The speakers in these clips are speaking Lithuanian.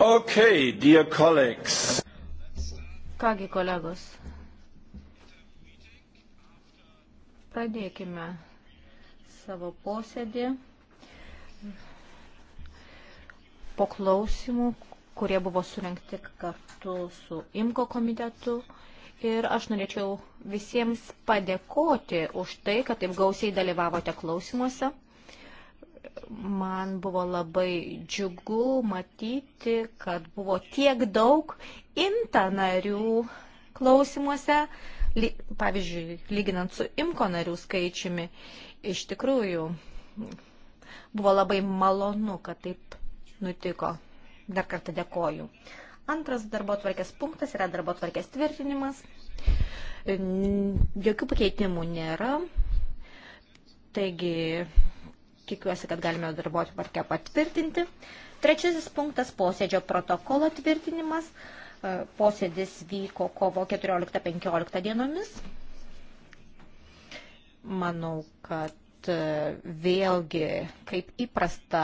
Okay, dear colleagues. Kągi kolegos, pradėkime savo posėdį po klausimų, kurie buvo surinkti kartu su IMKO komitetu. Ir aš norėčiau visiems padėkoti už tai, kad taip gausiai dalyvavote klausimuose man buvo labai džiugu matyti, kad buvo tiek daug imta narių klausimuose, ly, pavyzdžiui, lyginant su imko narių skaičiumi. Iš tikrųjų, buvo labai malonu, kad taip nutiko. Dar kartą dėkoju. Antras darbo tvarkės punktas yra darbo tvarkės tvirtinimas. Jokių pakeitimų nėra. Taigi Tikiuosi, kad galime darbo atvarkę patvirtinti. Trečiasis punktas - posėdžio protokolo tvirtinimas. E, posėdis vyko kovo 14-15 dienomis. Manau, kad e, vėlgi, kaip įprasta,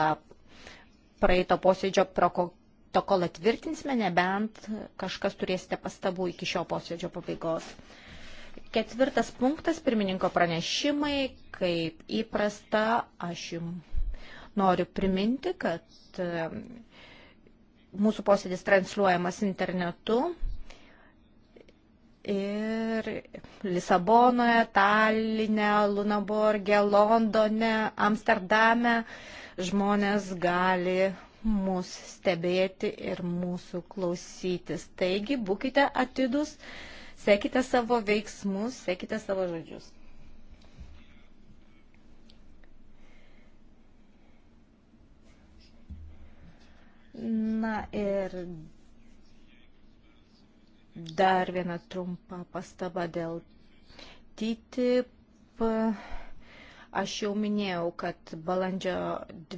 praeito posėdžio protokolą tvirtinsime, nebent kažkas turėsite pastabų iki šio posėdžio pabaigos. Ketvirtas punktas - pirmininko pranešimai. Kaip įprasta, aš jums noriu priminti, kad e, mūsų posėdis transliuojamas internetu. Ir Lisabonoje, Taline, Lunaborge, Londone, Amsterdame žmonės gali mus stebėti ir mūsų klausytis. Taigi, būkite atidus. Uh, Sekite savo veiksmus, sekite savo žodžius. Na ir dar viena trumpa pastaba dėl TTIP. Aš jau minėjau, kad balandžio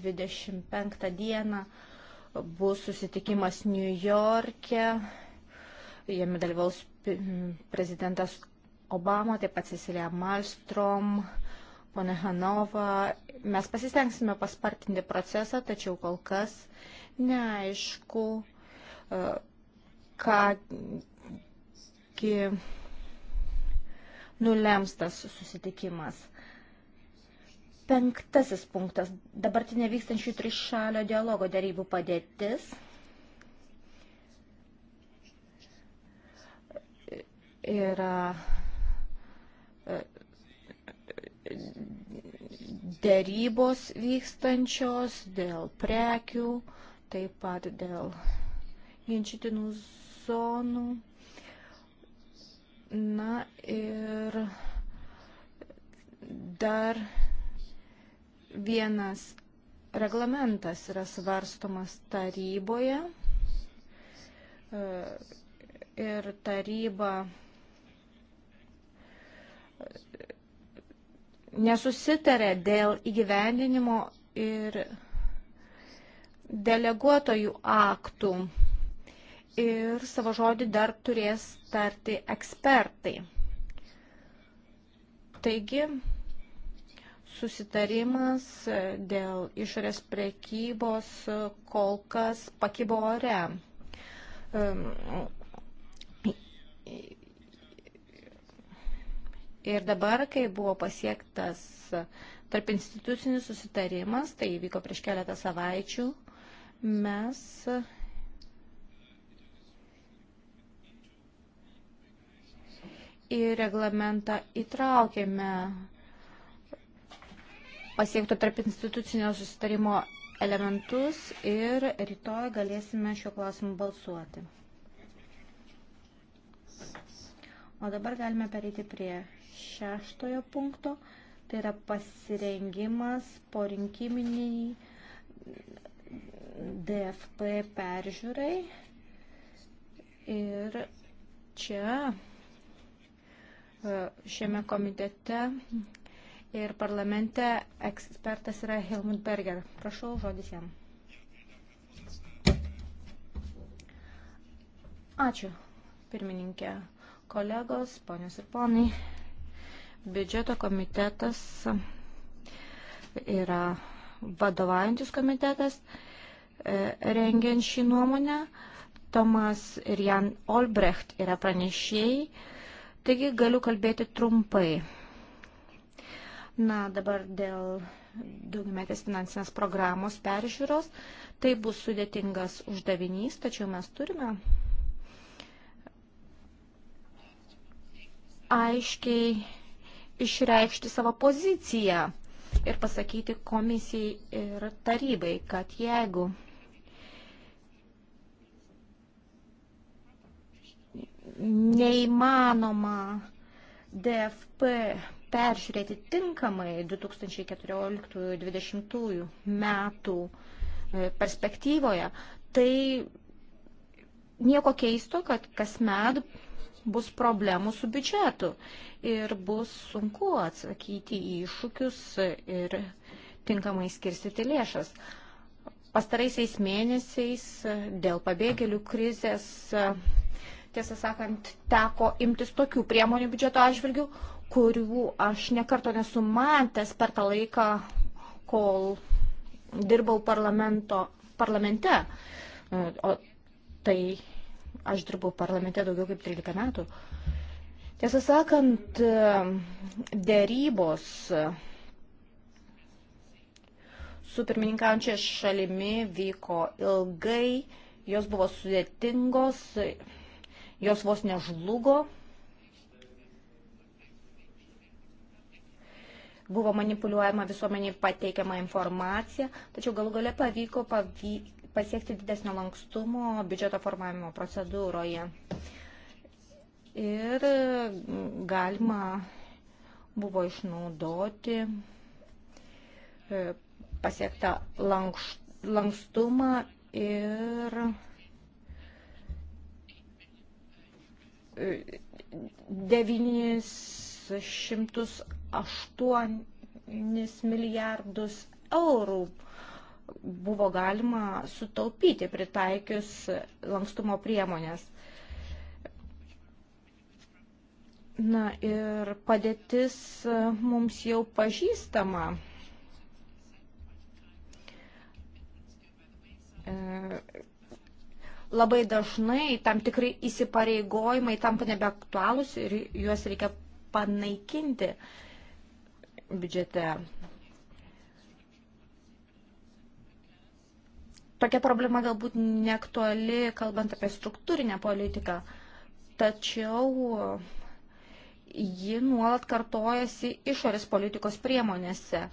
25 dieną bus susitikimas New York'e. Jame dalyvaus prezidentas Obama, taip pat Cecilija Malstrom, ponė Hanova. Mes pasistengsime paspartinti procesą, tačiau kol kas neaišku, e, ką nulems tas susitikimas. Penktasis punktas - dabartinė vykstančių trišalio dialogo darybų padėtis yra e, dėrybos vykstančios dėl prekių, taip pat dėl ginčytinų zonų. Na ir dar vienas reglamentas yra svarstomas taryboje e, ir taryba nesusitarė dėl įgyvendinimo ir deleguotojų aktų. Ir savo žodį dar turės tarti ekspertai. Taigi, susitarimas dėl išorės prekybos kol kas pakibo ore ehm, Ir dabar, kai buvo pasiektas tarp institucinis susitarimas, tai įvyko prieš keletą savaičių, mes į reglamentą įtraukėme pasiekto tarp institucinio susitarimo elementus ir rytoj galėsime šiuo klausimu balsuoti. O dabar galime pereiti prie šeštojo punkto, tai yra pasirengimas po rinkiminiai DFP peržiūrai. Ir čia e, šiame komitete ir parlamente ekspertas yra Helmut Berger. Prašau, žodis jam. Ačiū, pirmininkė, kolegos, ponios ir ponai. Biudžeto komitetas yra vadovaujantis komitetas e, rengiant šį nuomonę. Tomas ir Jan Olbrecht yra pranešėjai, taigi galiu kalbėti trumpai. Na, dabar dėl daugiametės finansinės programos peržiūros. Tai bus sudėtingas uždavinys, tačiau mes turime aiškiai išreikšti savo poziciją ir pasakyti komisijai ir tarybai, kad jeigu neįmanoma DFP peržiūrėti tinkamai 2014-2020 metų e, perspektyvoje, tai nieko keisto, kad kasmet bus problemų su biudžetu ir bus sunku atsakyti į iššūkius ir tinkamai skirstyti lėšas. Pastaraisiais mėnesiais dėl pabėgėlių krizės, tiesą sakant, teko imtis tokių priemonių biudžeto atžvilgių, kurių aš nekarto nesu matęs per tą laiką, kol dirbau parlamente. O tai Aš dirbau parlamente daugiau kaip 13 metų. Tiesą sakant, dėrybos su pirmininkaujančia šalimi vyko ilgai, jos buvo sudėtingos, jos vos nežlugo. Buvo manipuliuojama visuomeniai pateikiama informacija, tačiau galų gale pavyko pavy pasiekti didesnio lankstumo biudžeto formavimo procedūroje. Ir mm, galima buvo išnaudoti e, pasiektą lankstumą ir e, devynis šimtus aštuonis milijardus eurų buvo galima sutaupyti pritaikius lankstumo priemonės. Na ir padėtis mums jau pažįstama. E, labai dažnai tam tikrai įsipareigojimai tampa nebeaktualūs ir juos reikia panaikinti biudžete. tokia problema galbūt neaktuali, kalbant apie struktūrinę politiką, tačiau ji nuolat kartojasi išorės politikos priemonėse.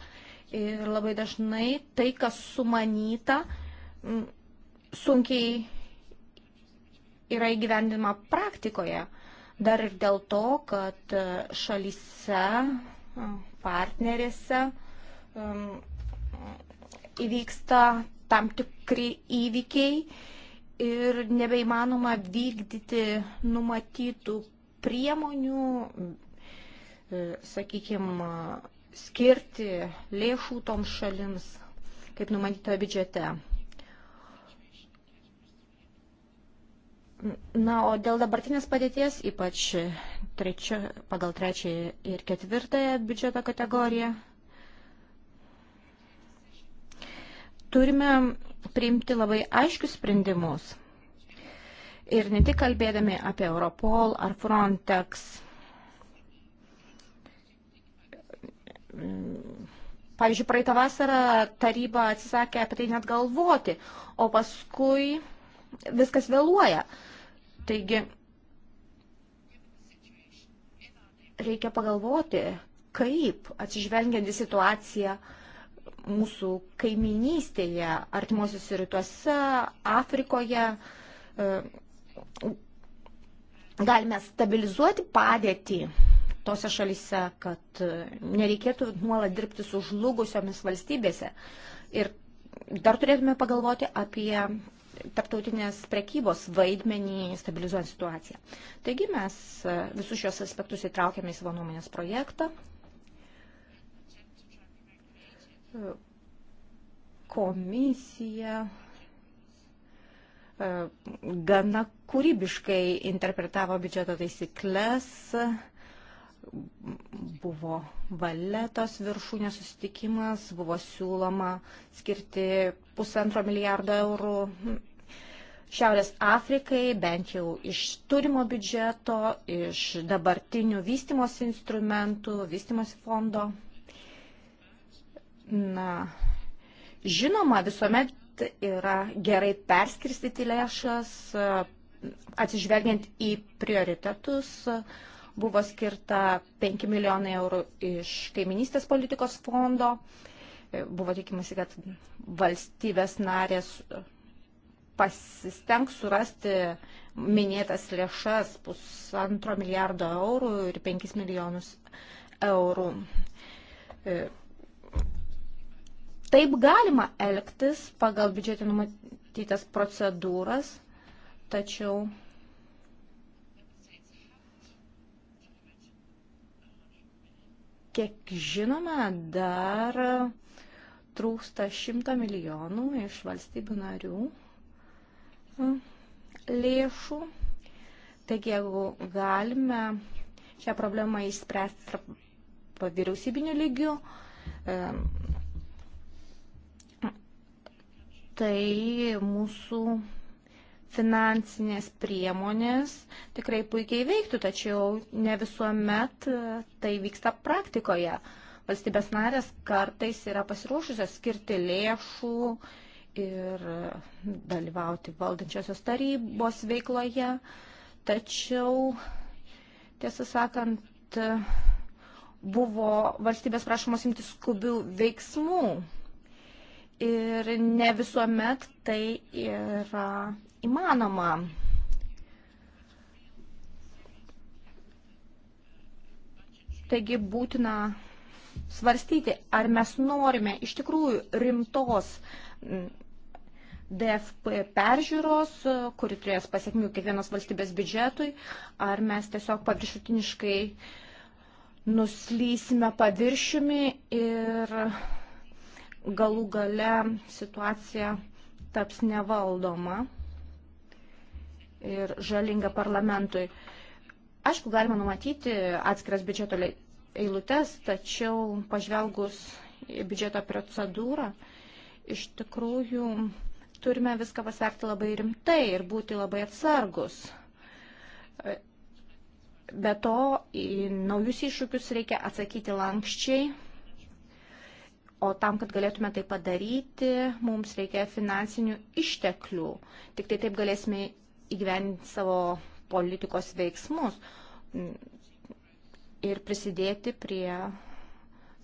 Ir labai dažnai tai, kas sumanyta, sunkiai yra įgyvendinama praktikoje. Dar ir dėl to, kad e, šalyse, partnerėse um, įvyksta tam tikri įvykiai ir nebeįmanoma vykdyti numatytų priemonių, e, sakykime, skirti lėšų toms šalims, kaip numatyta biudžete. Na, o dėl dabartinės padėties, ypač trečia, pagal trečią ir ketvirtąją biudžeto kategoriją, turime priimti labai aiškius sprendimus. Ir ne tik kalbėdami apie Europol ar Frontex. Pavyzdžiui, praeitą vasarą taryba atsisakė apie tai net galvoti, o paskui viskas vėluoja. Taigi, reikia pagalvoti, kaip atsižvelgiant į situaciją mūsų kaiminystėje, artimuosiuose rytuose, Afrikoje. E, galime stabilizuoti padėtį tose šalise, kad nereikėtų nuolat dirbti su žlugusiomis valstybėse. Ir dar turėtume pagalvoti apie tarptautinės prekybos vaidmenį stabilizuojant situaciją. Taigi mes e, visus šios aspektus įtraukėme į savo nuomonės projektą komisija e, gana kūrybiškai interpretavo biudžeto taisyklės, buvo valetos viršūnės susitikimas, buvo siūloma skirti pusantro milijardo eurų Šiaurės Afrikai, bent jau iš turimo biudžeto, iš dabartinių vystimos instrumentų, vystimos fondo. Na, žinoma, visuomet yra gerai perskirstyti lėšas, atsižvelgiant į prioritetus. Buvo skirta 5 milijonai eurų iš kaiminystės politikos fondo. Buvo tikimasi, kad valstybės narės pasistengs surasti minėtas lėšas pusantro milijardo eurų ir 5 milijonus eurų Taip galima elgtis pagal biudžetį numatytas procedūras, tačiau kiek žinome, dar trūksta 100 milijonų iš valstybių narių lėšų. Taigi, jeigu galime šią problemą išspręsti tarp vyriausybinių lygių, tai mūsų finansinės priemonės tikrai puikiai veiktų, tačiau ne visuomet e, tai vyksta praktikoje. Valstybės narės kartais yra pasiruošusios skirti lėšų ir dalyvauti valdančiosios tarybos veikloje, tačiau, tiesą sakant, buvo valstybės prašomos imti skubių veiksmų ir ne visuomet tai yra įmanoma. Taigi būtina svarstyti, ar mes norime iš tikrųjų rimtos DFP peržiūros, kuri turės pasiekmių kiekvienos valstybės biudžetui, ar mes tiesiog paviršutiniškai nuslysime paviršiumi ir galų gale situacija taps nevaldoma ir žalinga parlamentui. Aišku, galima numatyti atskiras biudžeto eilutes, tačiau pažvelgus į biudžeto procedūrą, iš tikrųjų turime viską pasverti labai rimtai ir būti labai atsargus. Be to, į naujus iššūkius reikia atsakyti lankščiai O tam, kad galėtume tai padaryti, mums reikia finansinių išteklių. Tik tai taip galėsime įgyveninti savo politikos veiksmus ir prisidėti prie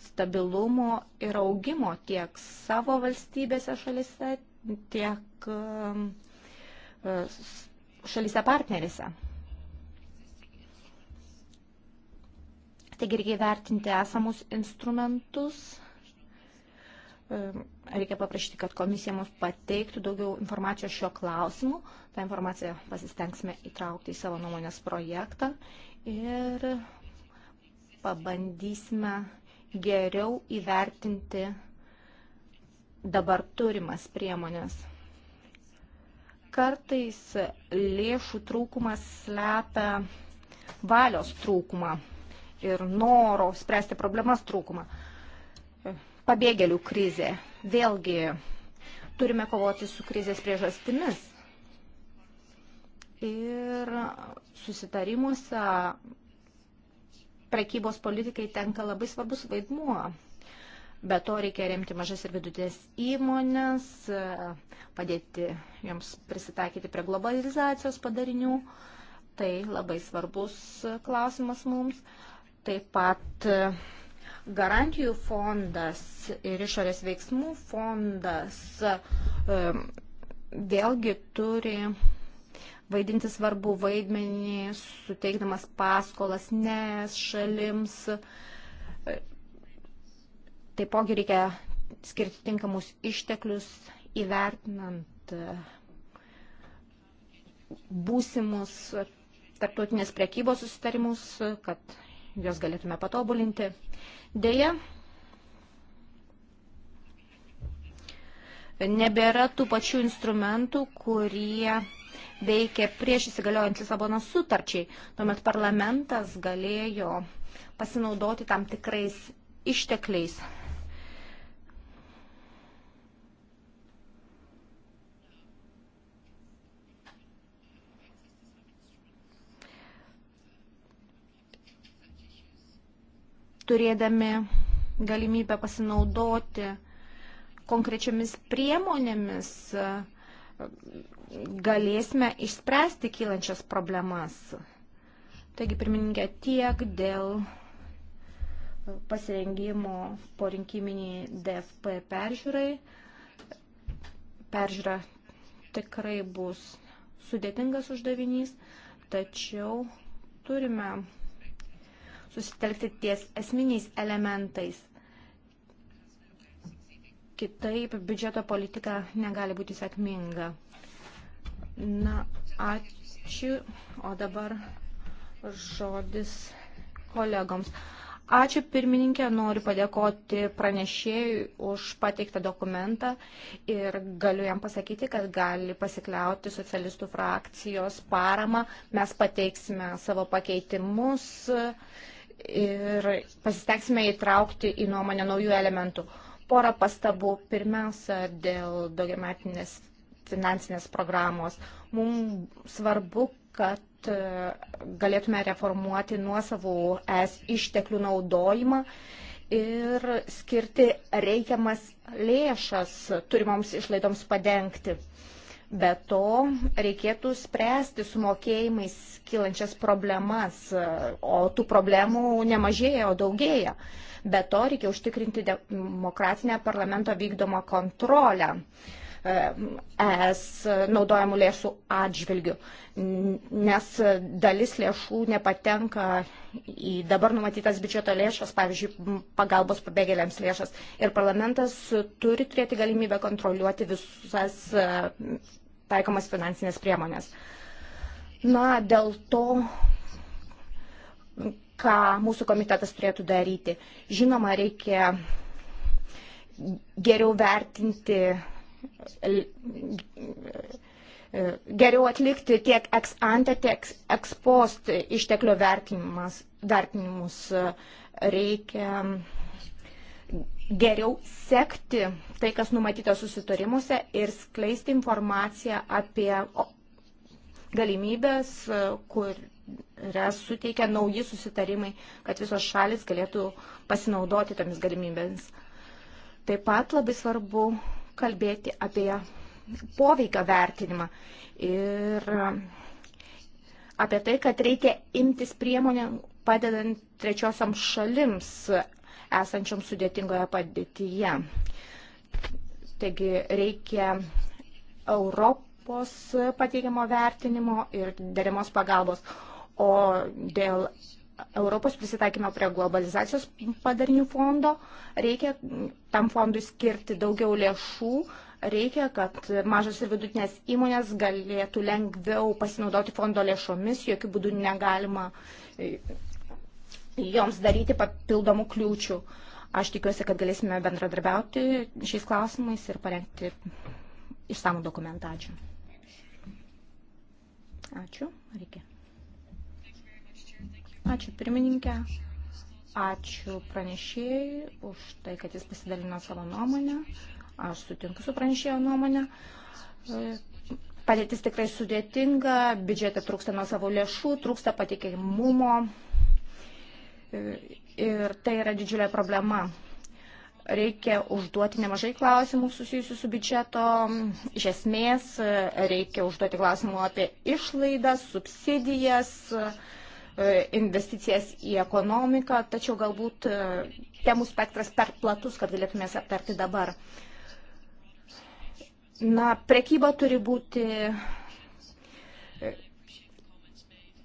stabilumo ir augimo tiek savo valstybėse šalise, tiek um, šalise partnerėse. Taigi reikia vertinti esamus instrumentus reikia paprašyti, kad komisija mums pateiktų daugiau informacijos šio klausimu. Ta informacija pasistengsime įtraukti į savo nuomonės projektą ir pabandysime geriau įvertinti dabar turimas priemonės. Kartais lėšų trūkumas slepia valios trūkumą ir noro spręsti problemas trūkumą. Pabėgėlių krizė. Vėlgi turime kovoti su krizės priežastimis. Ir susitarimuose prekybos politikai tenka labai svarbus vaidmuo. Be to reikia remti mažas ir vidutės įmonės, padėti joms prisitaikyti prie globalizacijos padarinių. Tai labai svarbus klausimas mums. Taip pat Garantijų fondas ir išorės veiksmų fondas e, vėlgi turi vaidinti svarbu vaidmenį, suteikdamas paskolas nes šalims. E, taipogi reikia skirti tinkamus išteklius įvertinant e, būsimus tarptautinės priekybos susitarimus, kad jos galėtume patobulinti. Deja, nebėra tų pačių instrumentų, kurie veikė prieš įsigaliojant Lisabonos sutarčiai. Tuomet parlamentas galėjo pasinaudoti tam tikrais ištekliais turėdami galimybę pasinaudoti konkrečiomis priemonėmis, galėsime išspręsti kylančias problemas. Taigi, pirmininkė, tiek dėl pasirengimo po rinkiminiai DFP peržiūrai. Peržiūra tikrai bus sudėtingas uždavinys, tačiau turime susitelkti ties esminiais elementais. Kitaip biudžeto politika negali būti sėkminga. Na, ačiū. O dabar žodis kolegoms. Ačiū pirmininkė, noriu padėkoti pranešėjui už pateiktą dokumentą ir galiu jam pasakyti, kad gali pasikliauti socialistų frakcijos parama. Mes pateiksime savo pakeitimus ir pasisteksime įtraukti į nuomonę naujų elementų. Porą pastabų. Pirmiausia, dėl daugiametinės finansinės programos. Mums svarbu, kad e, galėtume reformuoti nuosavų es išteklių naudojimą ir skirti reikiamas lėšas turimoms išlaidoms padengti. Uh, Be to, reikėtų spręsti su mokėjimais kylančias problemas, o tų problemų nemažėja, o daugėja. Be to, reikia užtikrinti demokratinę parlamento vykdomą kontrolę. E, ES naudojamų lėšų atžvilgių, nes dalis lėšų nepatenka į dabar numatytas biudžeto lėšas, pavyzdžiui, pagalbos pabėgėliams lėšas. Ir parlamentas turi turėti galimybę kontroliuoti visas taikomas finansinės priemonės. Na, dėl to, ką mūsų komitetas turėtų daryti. Žinoma, reikia geriau vertinti, geriau atlikti tiek ex ante, tiek ex post išteklių vertinimus. Reikia geriau sekti tai, kas numatyta susitarimuose ir skleisti informaciją apie galimybės, kurias suteikia nauji susitarimai, kad visos šalis galėtų pasinaudoti tomis galimybėmis. Taip pat labai svarbu kalbėti apie poveikio vertinimą ir apie tai, kad reikia imtis priemonių padedant trečiosiam šalims esančiom sudėtingoje padėtyje. Taigi reikia Europos pateikiamo vertinimo ir derimos pagalbos. O dėl Europos prisitaikymo prie globalizacijos padarinių fondo reikia tam fondui skirti daugiau lėšų, reikia, kad mažos ir vidutinės įmonės galėtų lengviau pasinaudoti fondo lėšomis, jokių būdų negalima joms daryti papildomų kliūčių. Aš tikiuosi, kad galėsime bendradarbiauti šiais klausimais ir parengti išsamų dokumentą. Ačiū. Ačiū. Reikia. Ačiū pirmininkė. Ačiū pranešėjai už tai, kad jis pasidalino savo nuomonę. Aš sutinku su pranešėjo nuomonė. Padėtis tikrai sudėtinga, biudžete trūksta nuo savo lėšų, trūksta patikimumo, Ir tai yra didžiulė problema. Reikia užduoti nemažai klausimų susijusių su biudžeto. Iš esmės, reikia užduoti klausimų apie išlaidas, subsidijas, investicijas į ekonomiką, tačiau galbūt temų spektras per platus, kad galėtume jas aptarti dabar. Na, prekyba turi būti e,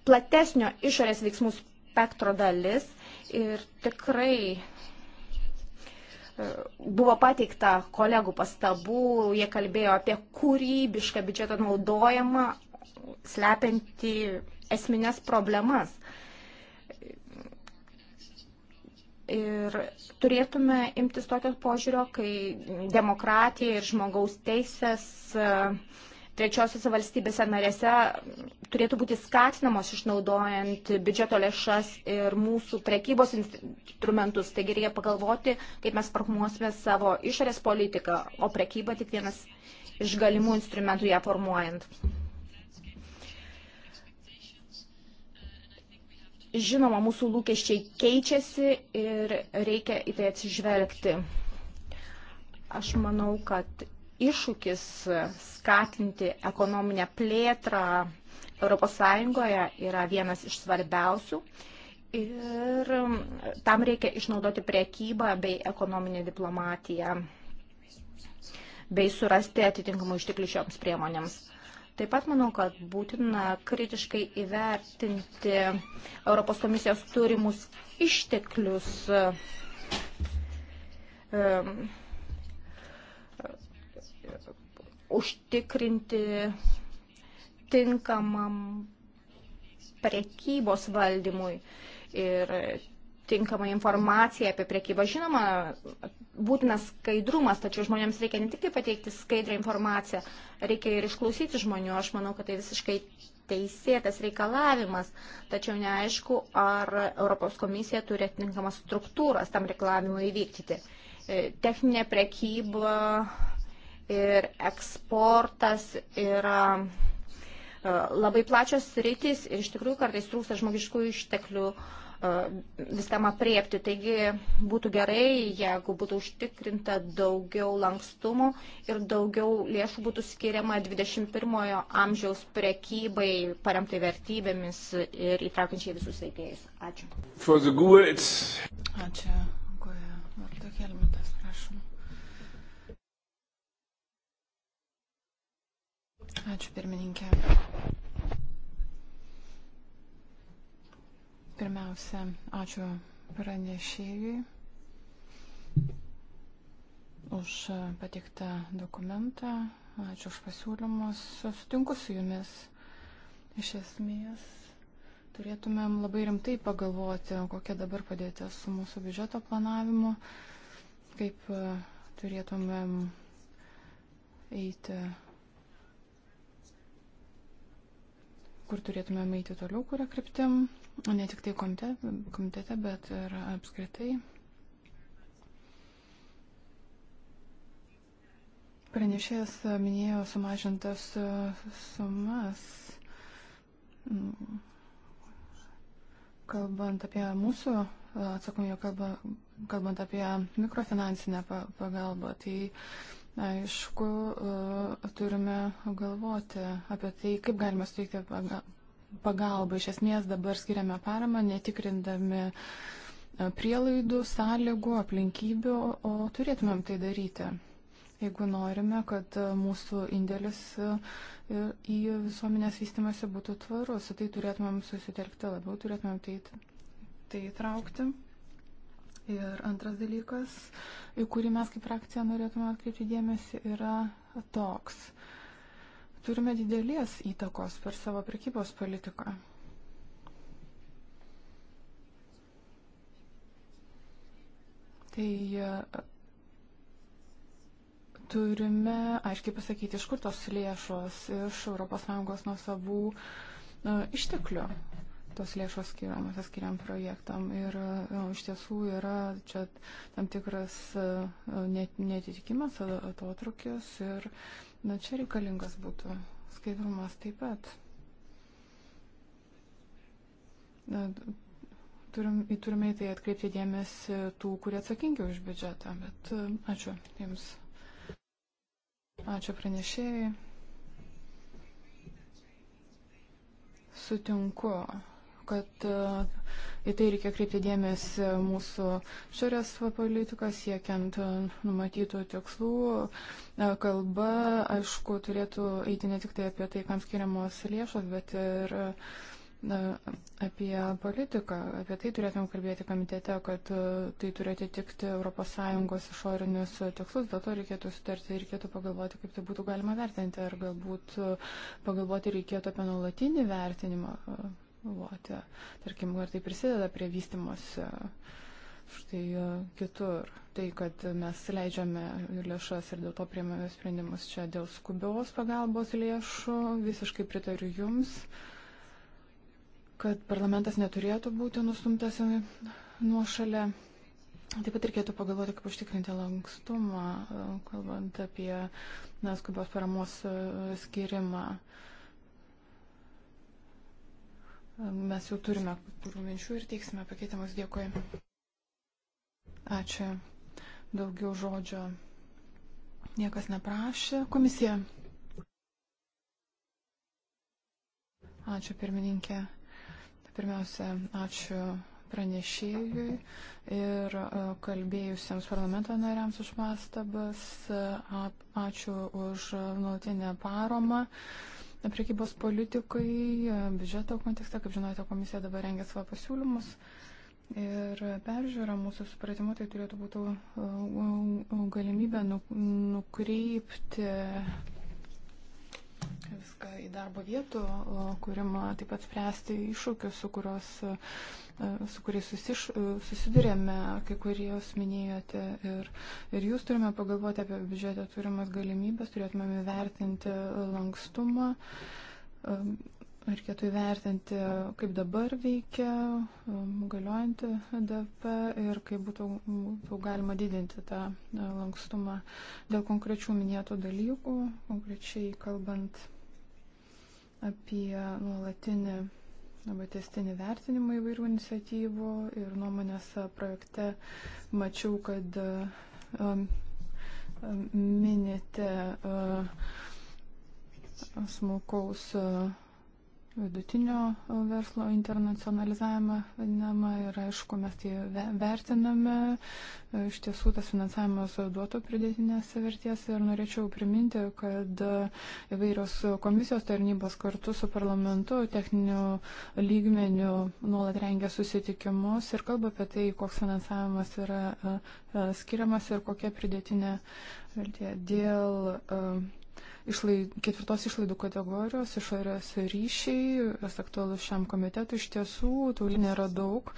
platesnio išorės veiksmų spektro dalis Ir tikrai e, buvo pateikta kolegų pastabų, jie kalbėjo apie kūrybišką biudžeto naudojimą, slepianti esminės problemas. Ir turėtume imtis tokios požiūrio, kai demokratija ir žmogaus teisės uh, trečiosiose valstybėse narėse turėtų būti skatinamos išnaudojant biudžeto lėšas ir mūsų prekybos instrumentus. Taigi reikia pagalvoti, kaip mes formuosime savo išorės politiką, o prekyba tik vienas iš galimų instrumentų ją formuojant. Žinoma, mūsų lūkesčiai keičiasi ir reikia į tai atsižvelgti. Aš manau, kad iššūkis skatinti ekonominę plėtrą ES yra vienas iš svarbiausių ir tam reikia išnaudoti priekybą bei ekonominę diplomatiją bei surasti atitinkamų išteklių šioms priemonėms. Taip pat manau, kad būtina kritiškai įvertinti Europos komisijos turimus išteklius. Um, užtikrinti tinkamam prekybos valdymui ir tinkamą informaciją apie prekybą. Žinoma, būtinas skaidrumas, tačiau žmonėms reikia ne tik tai pateikti skaidrę informaciją, reikia ir išklausyti žmonių. Aš manau, kad tai visiškai teisėtas reikalavimas, tačiau neaišku, ar Europos komisija turi atitinkamas struktūras tam reikalavimui įvykdyti. E, techninė prekyba ir eksportas yra e, labai plačios rytis ir iš tikrųjų kartais trūksta žmogiškųjų išteklių e, viskam apriepti. Taigi būtų gerai, jeigu būtų užtikrinta daugiau lankstumo ir daugiau lėšų būtų skiriama 21-ojo amžiaus prekybai, paremtai vertybėmis ir įtraukiančiai visus veikėjus. Ačiū. E, Ačiū. Koja. Vardu Helmutas, prašom. Ačiū pirmininkė. Pirmiausia, ačiū pranešėjui už patiktą dokumentą, ačiū už pasiūlymus. Sutinku su jumis. Iš esmės, turėtumėm labai rimtai pagalvoti, kokia dabar padėtis su mūsų biudžeto planavimu, kaip turėtumėm eiti kur turėtume eiti toliau, kurią kryptim, ne tik tai komitete, komitete bet ir apskritai. Pranešėjas minėjo sumažintas e, sumas. Kalbant apie mūsų e, atsakomybę, kalbant apie mikrofinansinę pagalbą, tai Aišku, e, turime galvoti apie tai, kaip galima suteikti pagalbą. Iš esmės dabar skiriame paramą, netikrindami e, prielaidų, sąlygų, aplinkybių, o turėtumėm tai daryti jeigu norime, kad e, mūsų indėlis į visuomenės vystimąsi būtų tvarus, tai turėtumėm susitelkti labiau, turėtumėm tai, tai traukti. Ir antras dalykas, į kurį mes kaip frakcija norėtume atkreipti dėmesį, yra toks. Turime didelės įtakos per savo prekybos politiką. Tai e, turime aiškiai pasakyti, iš kur tos lėšos iš ES nuo savų išteklių tos lėšos skiriamos atskiriam projektam. Ir e, iš tiesų yra čia tam tikras e, net, netitikimas, atotrukis ir na, čia reikalingas būtų skaidrumas taip pat. Na, turim, turime į tai atkreipti dėmesį tų, kurie atsakingi už biudžetą, bet e, ačiū jums. Ačiū pranešėjai. Sutinku kad e, į tai reikia kreipti dėmesį mūsų šiorės politiką, siekiant e, numatytų tikslų. E, kalba, aišku, turėtų eiti ne tik tai apie tai, kam skiriamos lėšos, bet ir apie politiką. Apie tai turėtume kalbėti komitete, kad tai turėtų tikti ES išorinius tikslus, dėl to reikėtų sutarti ir reikėtų pagalvoti, kaip tai būtų galima vertinti, ar galbūt pagalvoti reikėtų apie nuolatinį vertinimą galvoti, tarkim, ar tai prisideda prie vystimosi štai e, kitur. Tai, kad mes leidžiame lėšas ir dėl to priemame sprendimus čia dėl skubios pagalbos lėšų, visiškai pritariu Jums, kad parlamentas neturėtų būti nustumtas nuo šalia. Taip pat reikėtų pagalvoti, kaip užtikrinti lankstumą, e, kalbant apie na, skubios paramos e, skirimą. Uh, Mes jau turime kurių minčių ir teiksime pakeitimus. Dėkui. Ačiū. Daugiau žodžio niekas neprašė. Komisija. Ačiū pirmininkė. Pirmiausia, ačiū pranešėjui ir e, kalbėjusiems parlamento nariams už pastabas. Ačiū už nuolatinę paromą prekybos politikai, e, biudžeto kontekste, kaip žinote, komisija dabar rengia savo pasiūlymus. Ir peržiūra mūsų supratimu tai turėtų būti e, galimybė nu, nukreipti viską į darbo vietų kūrimą, taip pat spręsti iššūkius, su, kurios, e, su kuriais susiš, e, susidurėme, kai kurios minėjote ir, ir jūs turime pagalvoti apie biudžetę turimas galimybės, turėtume įvertinti lankstumą, e, reikėtų įvertinti, kaip dabar veikia galiojantį DP ir kaip būtų, būtų galima didinti tą lankstumą dėl konkrečių minėtų dalykų, konkrečiai kalbant apie nuolatinį arba testinį vertinimą įvairių iniciatyvų ir nuomonės projekte mačiau, kad um, um minite uh, smulkaus uh, vidutinio e, verslo internacionalizavimą vadinamą ir aišku, mes tai vertiname. E, iš tiesų tas finansavimas duotų pridėtinės vertės ir norėčiau priminti, kad e, įvairios komisijos tarnybos kartu su parlamentu techniniu lygmeniu nuolat rengia susitikimus ir kalba apie tai, koks finansavimas yra skiriamas ir kokia pridėtinė vertė dėl. Uh, išlaid, ketvirtos išlaidų kategorijos išorės ryšiai, kas aktualus šiam komitetui, iš tiesų tų nėra daug,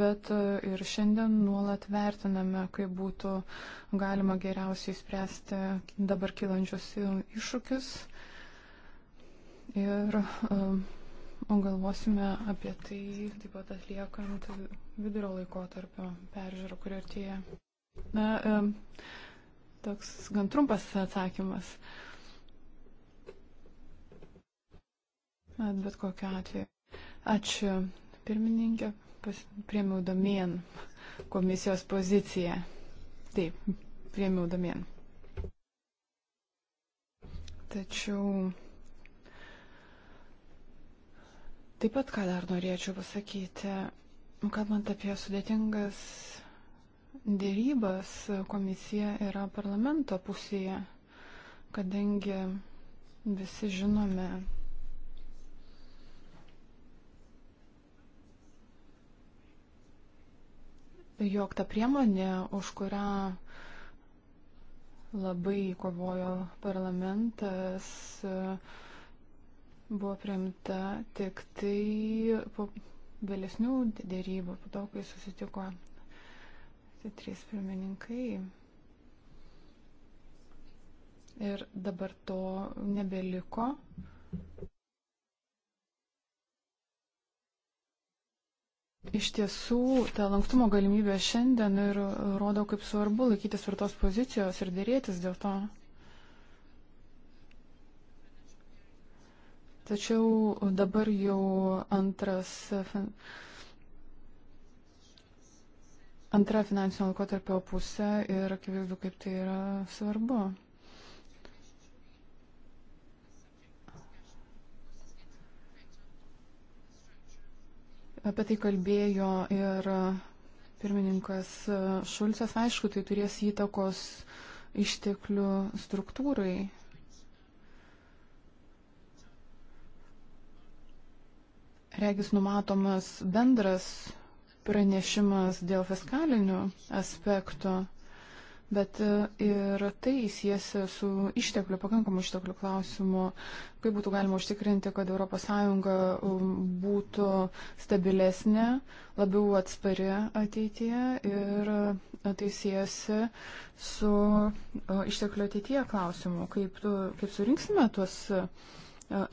bet e, ir šiandien nuolat vertiname, kaip būtų galima geriausiai spręsti dabar kylančius iššūkius. Ir um, galvosime apie tai taip pat atliekant vidurio laikotarpio peržiūrą, kuri artėja. Na, um, toks gan trumpas atsakymas. Uh, Bet kokiu atveju. Ačiū pirmininkė, priemiau domien komisijos poziciją. Taip, priemiau domien. Tačiau taip pat, ką dar norėčiau pasakyti, kalbant apie sudėtingas dėrybas, komisija yra parlamento pusėje, kadangi visi žinome, jog ta priemonė, už kurią labai kovojo parlamentas, buvo priimta tik tai po vėlesnių dėrybų, po to, kai susitiko tai trys pirmininkai. Ir dabar to nebeliko. Iš tiesų, ta lankstumo galimybė šiandien ir e, rodo, kaip svarbu laikytis tvirtos pozicijos ir dėrėtis dėl to. Tačiau dabar jau antras, antra finansinio laikotarpio pusė ir akivaizdu, kaip tai yra svarbu. Apie tai kalbėjo ir e, pirmininkas e, Šulcas, aišku, tai turės įtakos išteklių struktūrai. Regis numatomas bendras pranešimas dėl fiskalinių aspektų bet e, ir tai siesi su išteklių, pakankamų išteklių klausimu, kaip būtų galima užtikrinti, kad ES um, būtų stabilesnė, labiau atspari ateityje ir e, tai siesi su e, išteklių ateityje klausimu, kaip, tu, kaip surinksime tuos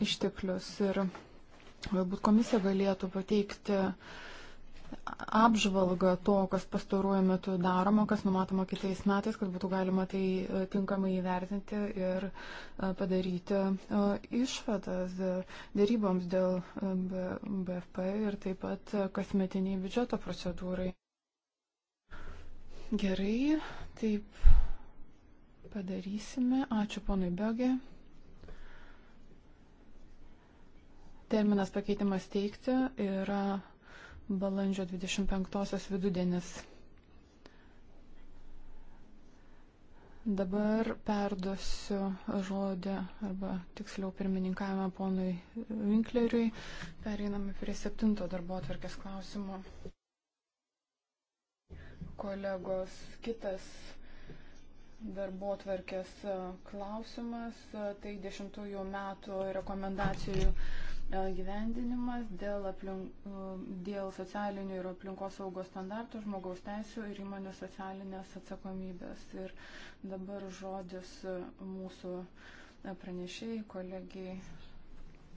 išteklius ir galbūt komisija galėtų pateikti uh, apžvalgą to, kas pastaruoju metu daroma, kas numatoma kitais metais, kad būtų galima tai e, tinkamai įvertinti ir e, padaryti e, išvadas dėryboms dėl BFP ir taip pat kasmetiniai biudžeto procedūrai. Gerai, taip padarysime. Ačiū ponui Begė. Terminas pakeitimas teikti yra balandžio 25-osios vidudienis. Dabar perduosiu žodį, arba tiksliau pirmininkavimą ponui Winkleriui. Pereiname prie septinto darbo atvarkės klausimo. Kolegos, kitas darbo atvarkės klausimas, tai dešimtųjų metų rekomendacijų E, gyvendinimas dėl, aplink, e, dėl socialinių ir aplinkos saugos standartų, žmogaus teisų ir įmonių socialinės atsakomybės. Ir dabar žodis mūsų pranešėjai, kolegijai,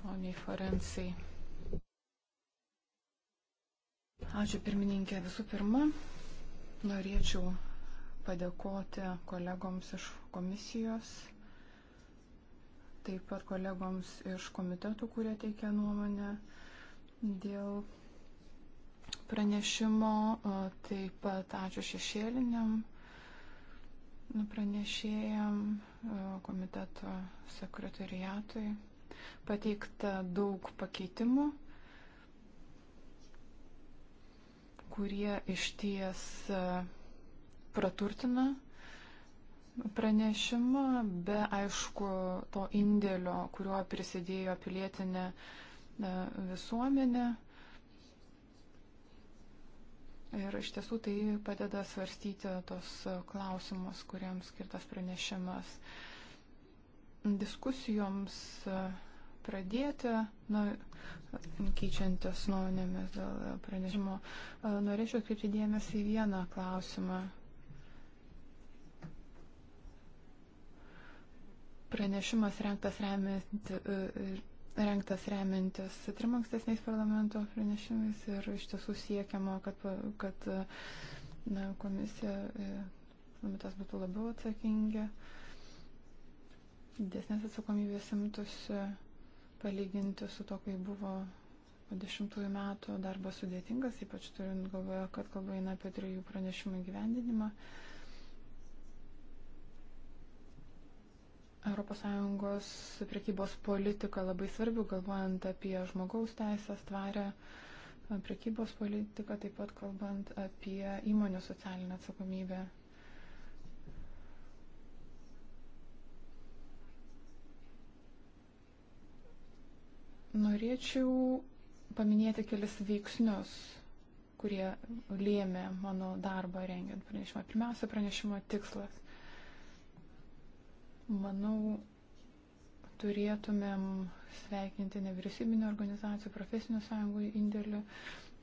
poniai Forencijai. Ačiū pirmininkė. Visų pirma, norėčiau padėkoti kolegoms iš komisijos taip pat kolegoms iš komitetų, kurie teikia nuomonę dėl pranešimo, taip pat ačiū šešėliniam pranešėjam, komiteto sekretariatui. Pateikta daug pakeitimų, kurie iš ties praturtina pranešimą, be aišku to indėlio, kuriuo prisidėjo pilietinė e, visuomenė. Ir iš tiesų tai padeda svarstyti tos klausimus, kuriems skirtas pranešimas. Diskusijoms e, pradėti, na, keičiantis nuomonėmis dėl pranešimo, e, norėčiau atkreipti dėmesį į vieną klausimą. pranešimas renktas e, e, remiantis rengtas remintis trim ankstesniais parlamento pranešimais ir iš tiesų siekiama, kad, kad e, na, komisija, parlamentas būtų labiau atsakingi, didesnės atsakomybės imtųsi palyginti su to, kai buvo po dešimtųjų metų darbas sudėtingas, ypač turint galvoje, kad kalba eina apie trijų pranešimų gyvendinimą. Uh, ES priekybos politiką labai svarbių, galvojant apie žmogaus teisės tvarę e, priekybos politiką, taip pat kalbant apie įmonių socialinę atsakomybę. Norėčiau paminėti kelis veiksnius, kurie lėmė mano darbą rengiant pranešimą. Pirmiausia, pranešimo tikslas. Manau, turėtumėm sveikinti nevyriausybinio organizacijų, profesinių sąjungų indėlių.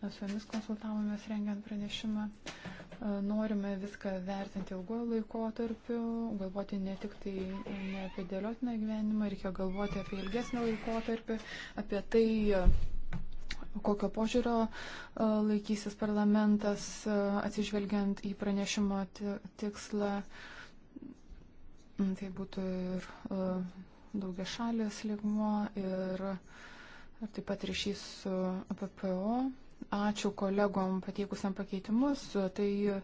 Mes su jomis konsultavomės rengiant pranešimą. E, norime viską vertinti ilguoju laikotarpiu, galvoti ne tik tai e, ne apie dėliotiną gyvenimą, reikia galvoti apie ilgesnį laikotarpį, apie tai, e, kokio požiūrio laikysis parlamentas, atsižvelgiant į pranešimo tikslą. Ti Mm, tai būtų ir e, daugia šalės ligmo ir, ir taip pat ryšys su PPO. Ačiū kolegom pateikusiam pakeitimus. Tai e,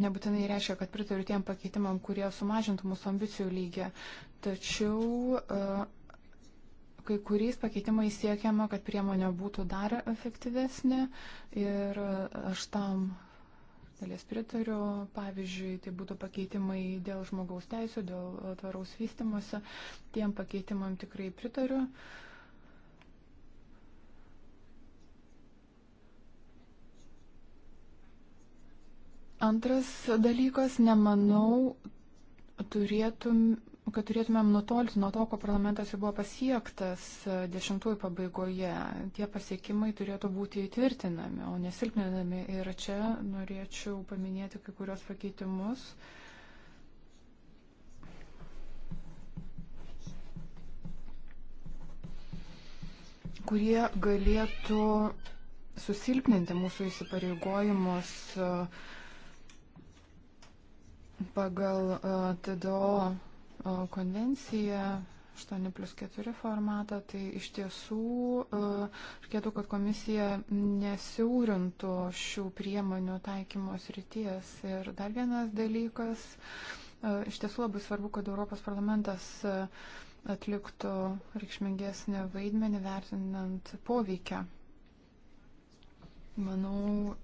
nebūtinai reiškia, kad pritariu tiem pakeitimam, kurie sumažintų mūsų ambicijų lygį. Tačiau e, kai kuriais pakeitimais siekiama, kad priemonė būtų dar efektyvesnė ir aš tam dalies pritariu. Pavyzdžiui, tai būtų pakeitimai dėl žmogaus teisų, dėl e, tvaraus vystimuose. Tiem pakeitimam tikrai pritariu. Antras dalykas, nemanau, turėtum, kad turėtumėm nutolti nuo to, ko parlamentas ir buvo pasiektas e, dešimtųjų pabaigoje. Tie pasiekimai turėtų būti įtvirtinami, o nesilpninami. Ir čia norėčiau paminėti kai kurios pakeitimus. kurie galėtų susilpninti mūsų įsipareigojimus e, pagal e, TDO konvenciją 8 plus 4 formatą, tai iš tiesų e, reikėtų, kad komisija nesiūrintų šių priemonių taikymos ryties. Ir dar vienas dalykas, e, iš tiesų labai svarbu, kad Europos parlamentas e, atliktų reikšmingesnį vaidmenį vertinant poveikia. Manau,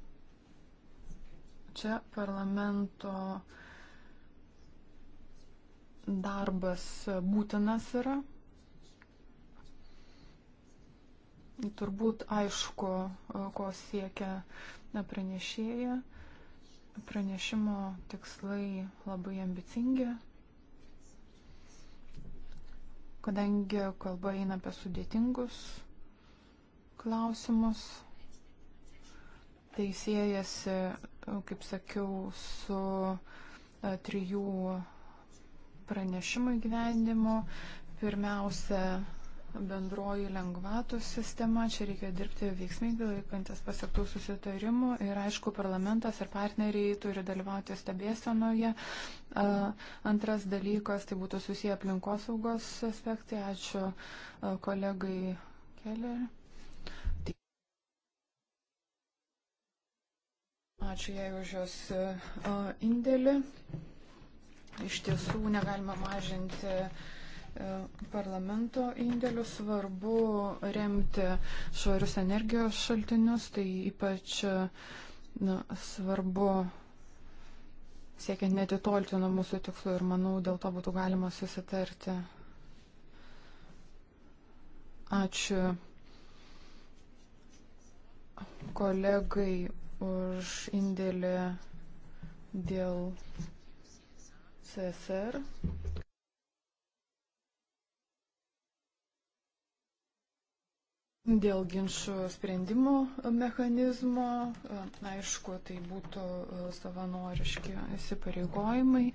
čia parlamento uh, darbas būtinas yra. Turbūt aišku, e, ko siekia pranešėja. Pranešimo tikslai labai ambicingi, kadangi kalba eina apie sudėtingus klausimus. Tai siejasi, e, kaip sakiau, su e, trijų pranešimų įgyvendimu. Pirmiausia, bendroji lengvatų sistema, čia reikia dirbti veiksmingai laikantis pasiektų susitarimų ir aišku, parlamentas ir partneriai turi dalyvauti stebėsenoje. Antras dalykas, tai būtų susiję aplinkosaugos aspektai. Ačiū kolegai Keller. Ačiū jai už jos indėlį iš tiesų negalima mažinti e, parlamento indėlių, svarbu remti švarius energijos šaltinius, tai ypač e, na, svarbu siekiant netitolti nuo mūsų tikslų ir manau, dėl to būtų galima susitarti. Ačiū kolegai už indėlį dėl CSR. Dėl ginčių sprendimo mechanizmo, aišku, tai būtų e, savanoriški įsipareigojimai,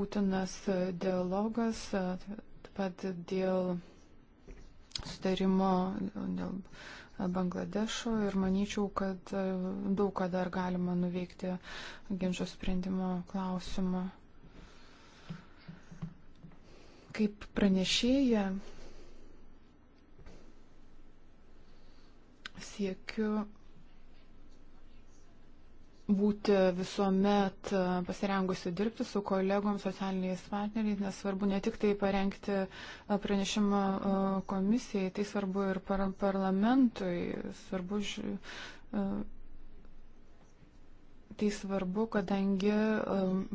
būtinas dialogas, e, taip pat dėl sutarimo dėl Bangladešo ir manyčiau, kad e, daug ką dar galima nuveikti ginčio sprendimo klausimą kaip pranešėja siekiu būti visuomet pasirengusi dirbti su kolegom, socialiniais partneriais, nes svarbu ne tik tai parengti pranešimą e, komisijai, tai svarbu ir par parlamentui, svarbu ž e, tai svarbu, kadangi um,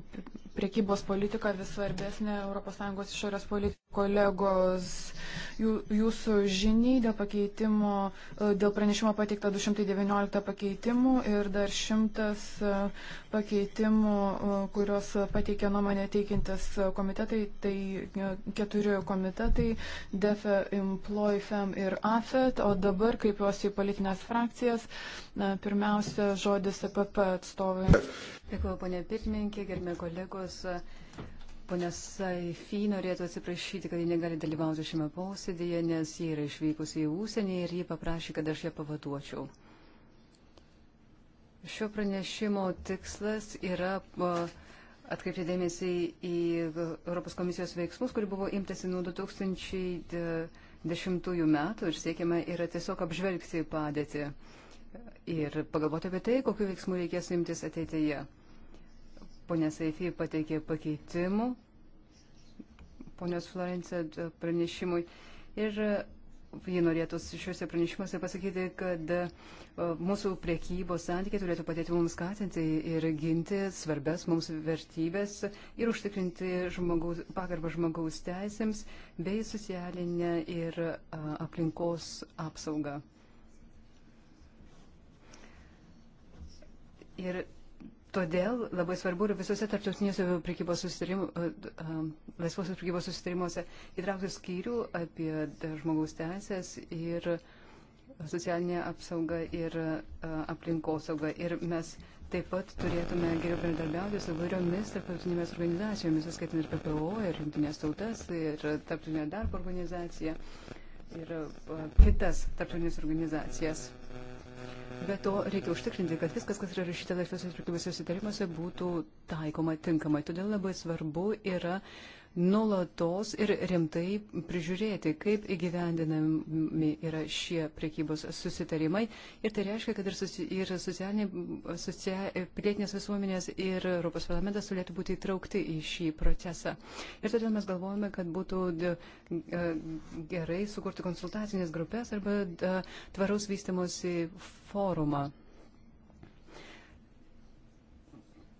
priekybos politika vis svarbesnė ES išorės politikos kolegos. Jūsų žiniai dėl pakeitimo, e, dėl pranešimo pateikta 219 pakeitimų ir dar 100 e, pakeitimų, e, kurios pateikė nuomonę teikintis komitetai, tai keturi komitetai, DEFE, Employ, FEM ir AFET, o dabar kreipiuosi į politinės frakcijas. Pirmiausia, žodis EPP atstovai Dėkuoju. Dėkuoju, ponė pirmininkė, gerbė kolegos. Ponė Saifi norėtų atsiprašyti, kad ji negali dalyvauti šiame posėdėje, nes ji yra išvykusi į ūsienį ir ji paprašė, kad aš ją pavaduočiau. Šio pranešimo tikslas yra atkreipti dėmesį į Europos komisijos veiksmus, kuri buvo imtasi nuo 2010 e, metų ir siekiama yra tiesiog apžvelgti padėtį ir pagalvoti apie tai, kokiu veiksmu reikės imtis ateityje. Pone Saifi pateikė pakeitimų ponios Florencija pranešimui ir jį norėtų šiuose pranešimuose pasakyti, kad e, mūsų priekybos santykiai turėtų padėti mums skatinti ir ginti svarbes mums vertybės ir užtikrinti žmogaus, pagarbą žmogaus teisėms bei socialinę ir aplinkos apsaugą. Ir todėl labai svarbu ir visose tarptautinėse prekybos e, e, laisvosios prekybos susitarimuose įtraukti skyrių apie e, žmogaus teisės ir socialinė apsauga ir aplinkosauga. Ir mes taip pat turėtume geriau bendradarbiauti su įvairiomis tarptautinėmis organizacijomis, skaitant ir PPO, ir Junktinės tautas, ir Tarptautinė darbo organizacija, ir kitas tarptautinės organizacijas. Be to, reikia užtikrinti, kad viskas, kas yra rašyta laisvosios prekybos susitarimuose, būtų taikoma tinkamai. Todėl labai svarbu yra uh, nulatos ir rimtai prižiūrėti, kaip įgyvendinami yra šie priekybos susitarimai. Ir tai reiškia, kad ir, soci, ir socialinė, socia, pilietinės visuomenės ir Europos parlamentas turėtų būti įtraukti į šį procesą. Ir todėl mes galvojame, kad būtų gerai sukurti konsultacinės grupės arba tvaraus vystimosi forumą.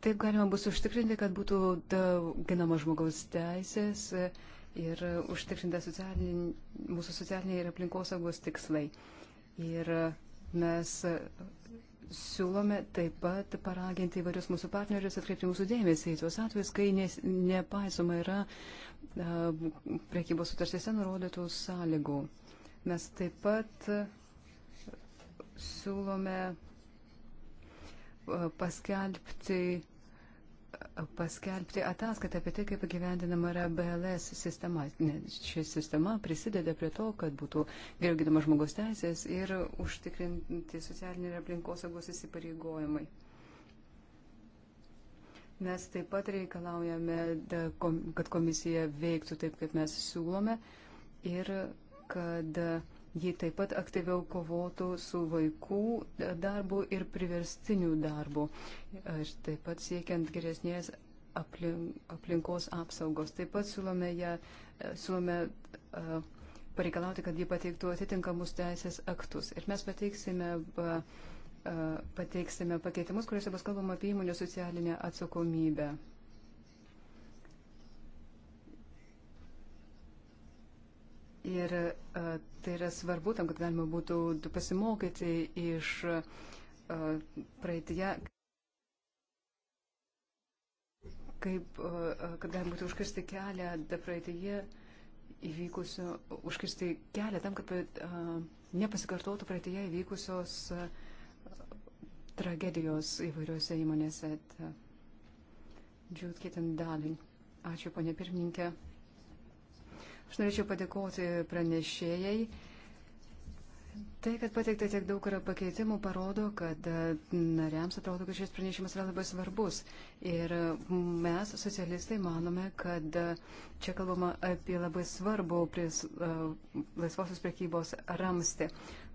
Taip galima bus užtikrinti, kad būtų ginama žmogaus teisės ir užtikrinta socialinė, mūsų socialiniai ir aplinkosaugos tikslai. Ir mes siūlome taip pat paraginti įvairius mūsų partnerius atkreipti mūsų dėmesį į tuos atvejus, kai nes, nepaisoma yra prekybos sutartėse nurodytų sąlygų. Mes taip pat siūlome paskelbti paskelbti ataskaitą apie tai, kaip gyvendinama yra BLS sistema. Ši sistema prisideda prie to, kad būtų geriau gydama žmogaus teisės ir užtikrinti socialinį ir aplinkosaugos įsipareigojimai. Mes taip pat reikalaujame, kad komisija veiktų taip, kaip mes siūlome ir kad uh, ji taip pat aktyviau kovotų su vaikų darbu ir priverstiniu darbu. Ir taip pat siekiant geresnės aplinkos apsaugos. Taip pat siūlome, ją, siūlome pareikalauti, kad ji pateiktų atitinkamus teisės aktus. Ir mes pateiksime. Pateiksime pakeitimus, kuriuose bus kalbama apie įmonių socialinę atsakomybę. Ir e, tai yra svarbu tam, kad galima būtų pasimokyti iš e, praeitie kaip, e, kad galima būtų užkirsti kelią praeitėje įvykusio, užkirsti kelią tam, kad uh, nepasikartotų praeitėje įvykusios uh, tragedijos įvairiuose įmonėse. Džiūt kitin dalin. Ačiū, ponė pirmininkė. Aš norėčiau padėkoti pranešėjai. Tai, kad pateikta tiek daug yra pakeitimų, parodo, kad e, nariams atrodo, kad šis pranešimas yra labai svarbus. Ir mes, socialistai, manome, kad e, čia kalbama apie labai svarbų pris, e, laisvosios prekybos ramsti.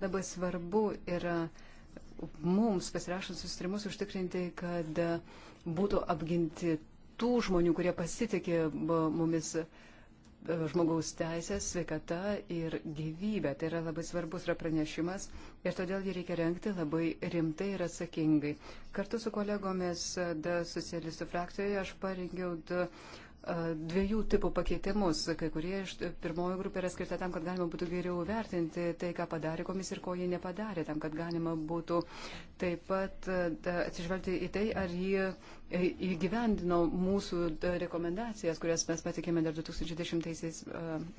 Labai svarbu yra mums pasirašant susitrimus užtikrinti, kad būtų apginti tų žmonių, kurie pasitikė mumis. Uh, žmogaus teisės, sveikata ir gyvybė. Tai yra labai svarbus yra pranešimas ir todėl jį reikia renkti labai rimtai ir atsakingai. Kartu su kolegomis socialistų frakcijoje aš parengiau dviejų tipų pakeitimus. Kai kurie iš pirmojo grupė yra skirta tam, kad galima būtų geriau vertinti tai, ką padarė komisija ir ko jie nepadarė, tam, kad galima būtų taip pat atsižvelgti į tai, ar jie įgyvendino mūsų rekomendacijas, kurias mes patikėme dar 2010-aisiais,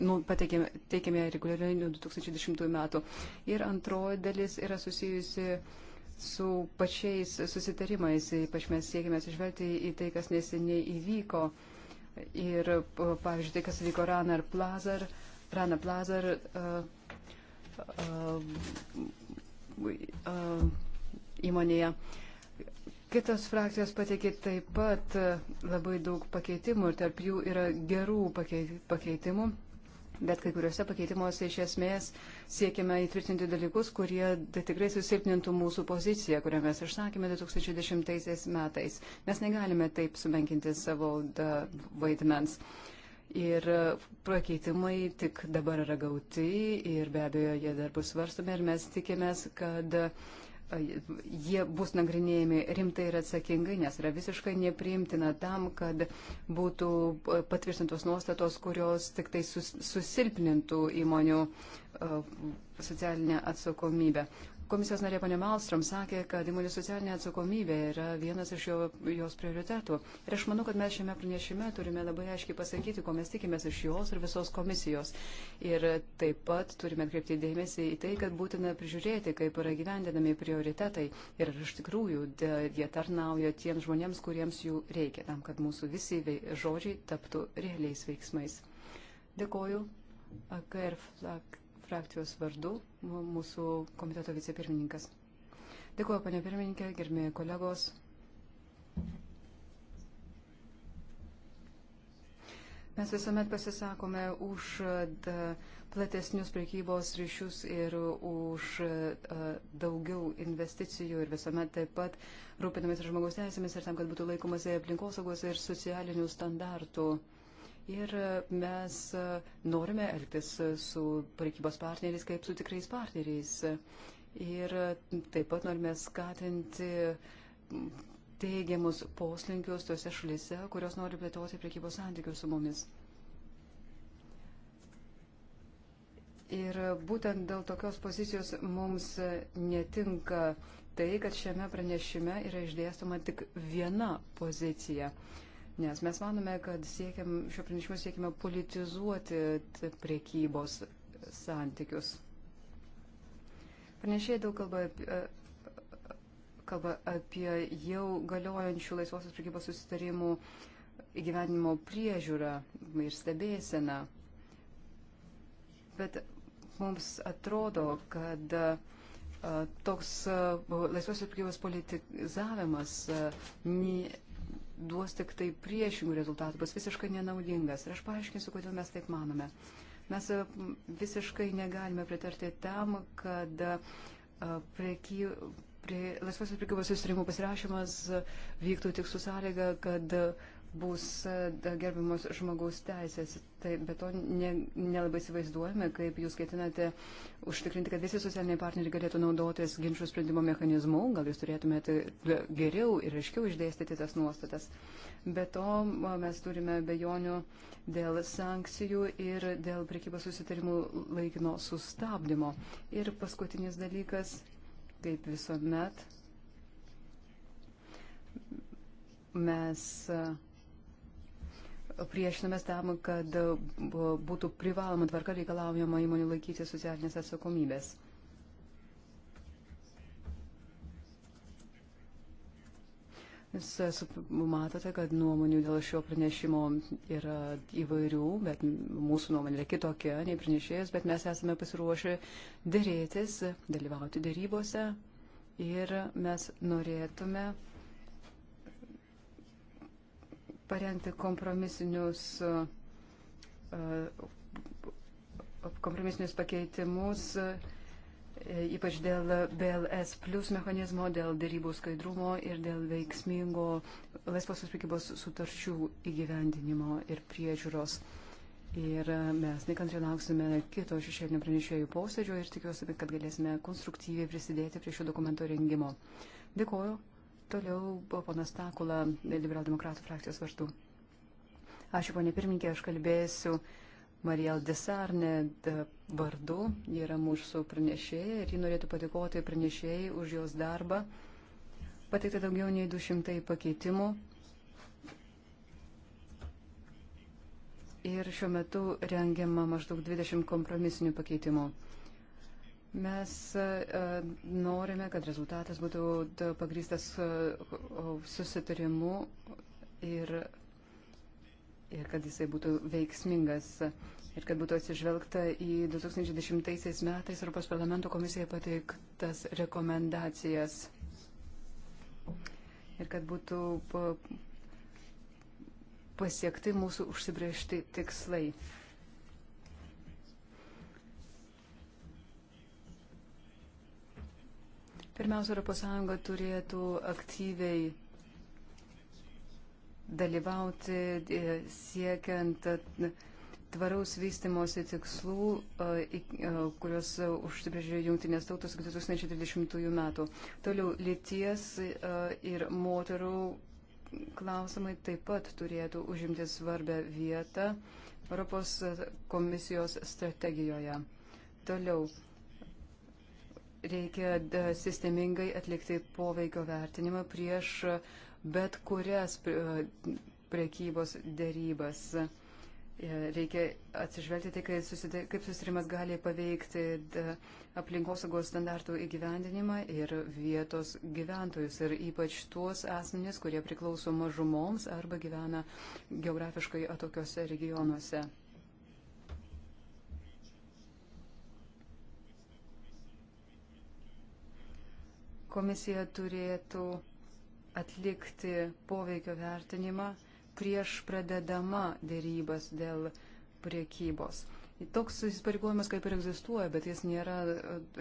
nu, pateikėme reguliariai nuo 2010 metų. Ir antroji dalis yra susijusi su pačiais susitarimais, ypač mes siekime atsižvelgti į tai, kas neseniai įvyko. Uh, Ir, pavyzdžiui, tai, kas vyko Rana ir Plazar, Rana Plazar, uh, e, uh, e, uh, e, įmonėje. Kitos frakcijos pateikė taip pat labai daug pakeitimų ir tarp jų yra gerų pakeitimų. Bet kai kuriuose pakeitimuose iš esmės siekime įtvirtinti dalykus, kurie tikrai susilpnintų mūsų poziciją, kurią mes išsakėme 2010 metais. Mes negalime taip sumenkinti savo da, vaidmens. Ir e, pakeitimai tik dabar yra gauti ir be abejo jie dar bus svarstomi ir mes tikimės, kad uh, jie bus nagrinėjami rimtai ir atsakingai, nes yra visiškai nepriimtina tam, kad būtų patvirtintos nuostatos, kurios tik tai sus, susilpnintų įmonių e, socialinę atsakomybę. Komisijos narė ponė Malstrom sakė, kad įmonių socialinė atsakomybė yra vienas iš jo, jos prioritetų. Ir aš manau, kad mes šiame pranešime turime labai aiškiai pasakyti, ko mes tikimės iš jos ir visos komisijos. Ir taip pat turime atkreipti dėmesį į tai, kad būtina prižiūrėti, kaip yra gyvendinami prioritetai. Ir iš tikrųjų de, jie tarnauja tiems žmonėms, kuriems jų reikia, tam, kad mūsų visi žodžiai taptų realiais veiksmais. Dėkoju AKR frakcijos vardu mūsų komiteto vicepirmininkas. Dėkuoju, panė pirmininkė, gerbėjai kolegos. Mes visuomet pasisakome už platesnius priekybos ryšius ir už daugiau investicijų ir visuomet taip pat rūpinamės ir žmogaus teisėmis ir tam, kad būtų laikomasi aplinkosaugos ir socialinių standartų. Ir mes e, norime elgtis e, su prekybos partneriais kaip su tikrais partneriais. Ir e, taip pat norime skatinti teigiamus poslinkius tose šalise, kurios nori plėtoti prekybos santykius su mumis. Ir būtent dėl tokios pozicijos mums netinka tai, kad šiame pranešime yra išdėstoma tik viena pozicija. Uh, nes mes manome, kad siekiam, šio pranešimo siekime politizuoti priekybos santykius. Pranešėjai daug kalba apie, kalba apie jau galiojančių laisvosios priekybos susitarimų įgyvenimo priežiūrą ir stebėseną. Bet mums atrodo, kad toks laisvosios priekybos politizavimas duos tik tai priešingų rezultatų, bus visiškai nenaudingas. Ir aš paaiškinsiu, kodėl mes taip manome. Mes e, visiškai negalime pritarti tam, kad e, preky, prie laisvosios prekybos susirimo pasirašymas e, vyktų tik su sąlyga, kad uh, bus e, gerbiamos žmogaus teisės. Tai be to ne, nelabai įsivaizduojame, kaip jūs ketinate užtikrinti, kad visi socialiniai partneriai galėtų naudotis ginčių sprendimo mechanizmu. Gal jūs turėtumėte e, geriau ir aiškiau išdėstyti tas nuostatas. Be to mes turime bejonių dėl sankcijų ir dėl prekybos susitarimų laikino sustabdymo. Ir paskutinis dalykas, kaip visuomet, mes. Uh, priešinamės tam, kad e, būtų privaloma tvarka reikalaujama įmonių laikyti socialinės atsakomybės. Jūs matote, kad nuomonių dėl šio pranešimo yra įvairių, bet mūsų nuomonė yra kitokia nei pranešėjas, bet mes esame pasiruošę dėrėtis, dalyvauti dėrybose ir mes norėtume parengti kompromisinius, e, e, kompromisinius pakeitimus, e, ypač dėl BLS plus mechanizmo, dėl dėrybų skaidrumo ir dėl veiksmingo laisvosios prikybos sutarčių įgyvendinimo ir priežiūros. Ir mes nekantriai lauksime kito šešėlinio pranešėjų posėdžio ir tikiuosi, kad galėsime konstruktyviai prisidėti prie šio dokumento rengimo. Dėkuoju. Toliau buvo ponas Takula, liberaldemokratų frakcijos vardu. Ačiū, ponė pirminkė, aš kalbėsiu Marijal Desarne vardu. Ji yra mūsų pranešėja ir ji norėtų padėkoti pranešėjai už jos darbą. Pateikta daugiau nei 200 pakeitimų. Ir šiuo metu rengiama maždaug 20 kompromisinių pakeitimų. Mes e, e, norime, kad rezultatas būtų pagrįstas e, susitarimu ir, ir kad jisai būtų veiksmingas. Ir kad būtų atsižvelgta į 2010 metais Europos parlamento komisijai pateiktas rekomendacijas. Ir kad būtų pasiekti mūsų užsibriežti tikslai. Pirmiausia, ES turėtų aktyviai dalyvauti e, siekiant e, tvaraus vystimosi tikslų, e, kurios užsibrėžė Junktinės tautos 2030 metų. Toliau lyties ir moterų klausimai taip pat turėtų užimti svarbę vietą Europos komisijos strategijoje. Toliau reikia sistemingai atlikti poveikio vertinimą prieš bet kurias prekybos dėrybas. E, reikia atsižvelgti tai, kaip susitarimas gali paveikti aplinkosaugos standartų įgyvendinimą ir vietos gyventojus, ir ypač tuos asmenys, kurie priklauso mažumoms arba gyvena geografiškai atokiose regionuose. Komisija turėtų atlikti poveikio vertinimą prieš pradedama dėrybas dėl priekybos. Toks įsipareigojimas kaip ir egzistuoja, bet jis nėra e,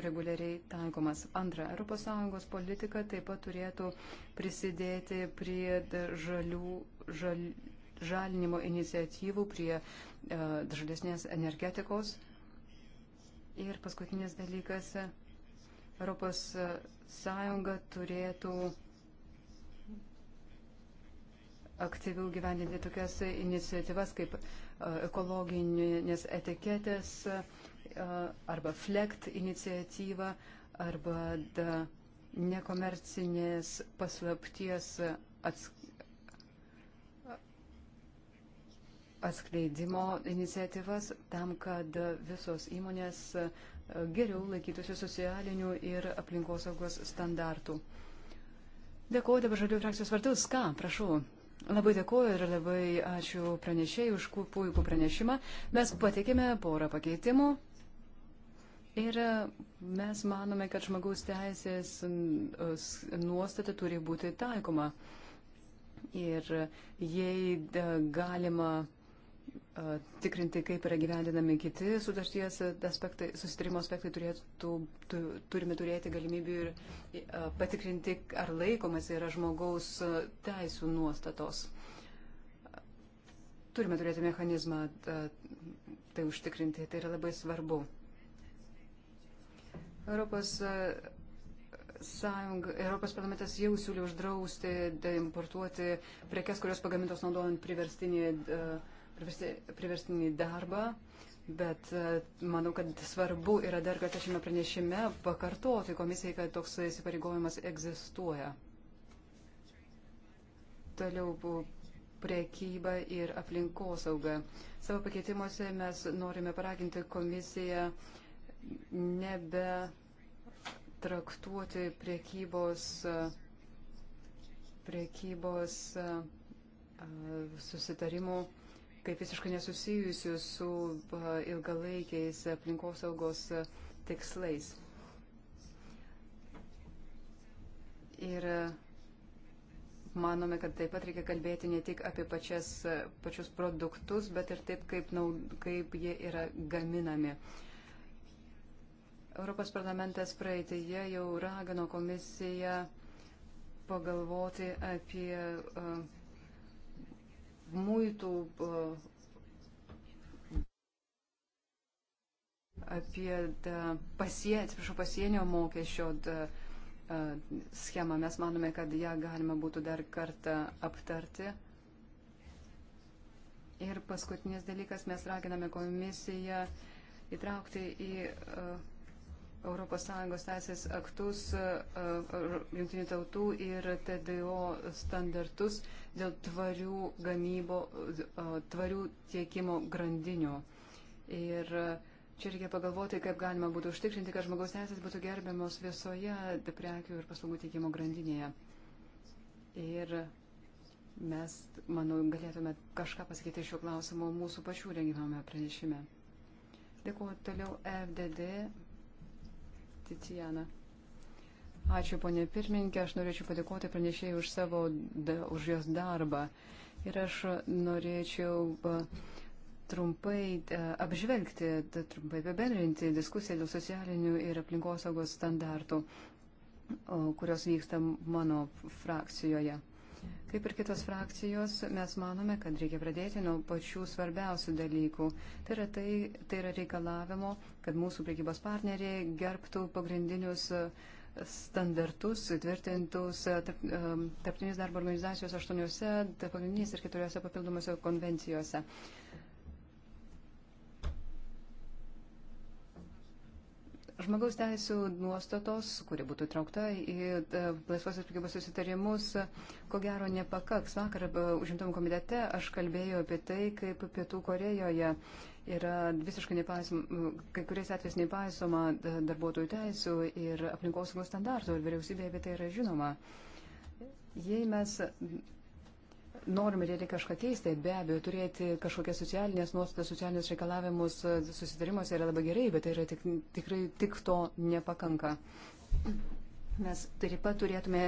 reguliariai taikomas. Antra, ES politika taip pat turėtų prisidėti prie žalių, žal, žalinimo iniciatyvų, prie uh, žalesnės energetikos. Ir paskutinis dalykas. Uh, Europos e, Sąjunga turėtų aktyviau gyvendinti tokias iniciatyvas kaip e, ekologinės etiketės e, arba FLECT iniciatyva arba nekomercinės paslapties atskleidimo iniciatyvas tam, kad visos įmonės uh, geriau laikytųsi socialinių ir aplinkosaugos standartų. Dėkuoju dabar žalių frakcijos vardus. Ką, prašau. Labai dėkuoju ir labai ačiū pranešėjai už puikų pranešimą. Mes pateikėme porą pakeitimų. Ir e, mes manome, kad žmogaus teisės nuostata turi būti taikoma. Ir e, jei e, galima tikrinti, kaip yra gyvendinami kiti sutarties aspektai, susitarimo aspektai, turėtų, tu, turime turėti galimybių ir patikrinti, ar laikomas yra žmogaus teisų nuostatos. Turime turėti mechanizmą tai užtikrinti, tai yra labai svarbu. Europos, sąjung, Europos parlamentas jau siūlė uždrausti importuoti prekes, kurios pagamintos naudojant priverstinį uh, priverstinį darbą, bet e, manau, kad svarbu yra dar kartą šiame pranešime pakartoti komisijai, kad toks įsipareigojimas egzistuoja. Toliau priekyba ir aplinkosauga. Savo pakeitimuose mes norime paraginti komisiją nebe traktuoti priekybos, e, priekybos e, susitarimų kaip visiškai nesusijusių su ilgalaikiais aplinkosaugos tikslais. Ir manome, kad taip pat reikia kalbėti ne tik apie pačias, pačius produktus, bet ir taip, kaip, naud, kaip jie yra gaminami. Europos parlamentas praeitėje jau ragino komisiją pagalvoti apie uh, muitų, e, apie pasienio, atsiprašau, pasienio mokesčio e, schemą. Mes manome, kad ją galima būtų dar kartą aptarti. Ir paskutinis dalykas, mes raginame komisiją įtraukti į uh, ES teisės aktus, e, e, jungtinių tautų ir TDO standartus dėl tvarių gamybo, e, tvarių tiekimo grandinių. Ir čia reikia pagalvoti, kaip galima būtų užtikrinti, kad žmogaus teisės būtų gerbiamos visoje prekių ir paslaugų tiekimo grandinėje. Ir mes, manau, galėtume kažką pasakyti šiuo klausimu mūsų pačių rengimame pranešime. Dėkuoju toliau FDD Ticiana. Ačiū, ponė pirmininkė. Aš norėčiau padėkoti pranešėjai už, savo, už jos darbą. Ir aš norėčiau trumpai apžvelgti, trumpai apibendrinti diskusiją dėl socialinių ir aplinkosaugos standartų, kurios vyksta mano frakcijoje. Kaip ir kitos frakcijos, mes manome, kad reikia pradėti nuo pačių svarbiausių dalykų. Tai yra, tai, tai yra reikalavimo, kad mūsų priekybos partneriai gerbtų pagrindinius e, standartus tvirtintus e, e, tarptautinės darbo organizacijos aštuoniuose, pagrindinės ir keturiuose papildomose konvencijose. Uh, Žmogaus teisų nuostatos, kuri būtų traukta į e, laisvosios prikybos susitarimus, ko gero nepakaks. Vakar e, užimtumo komitete aš kalbėjau apie tai, kaip Pietų Korejoje yra visiškai nepaisoma, kai kuriais atvejais nepaisoma darbuotojų teisų ir aplinkosaugos standartų ir vyriausybė apie tai yra žinoma. Jei mes norime realiai kažką keisti, be abejo, turėti kažkokias socialinės nuostatas, socialinius reikalavimus susitarimuose yra labai gerai, bet tai yra tik, tikrai tik to nepakanka. Mes taip pat turėtume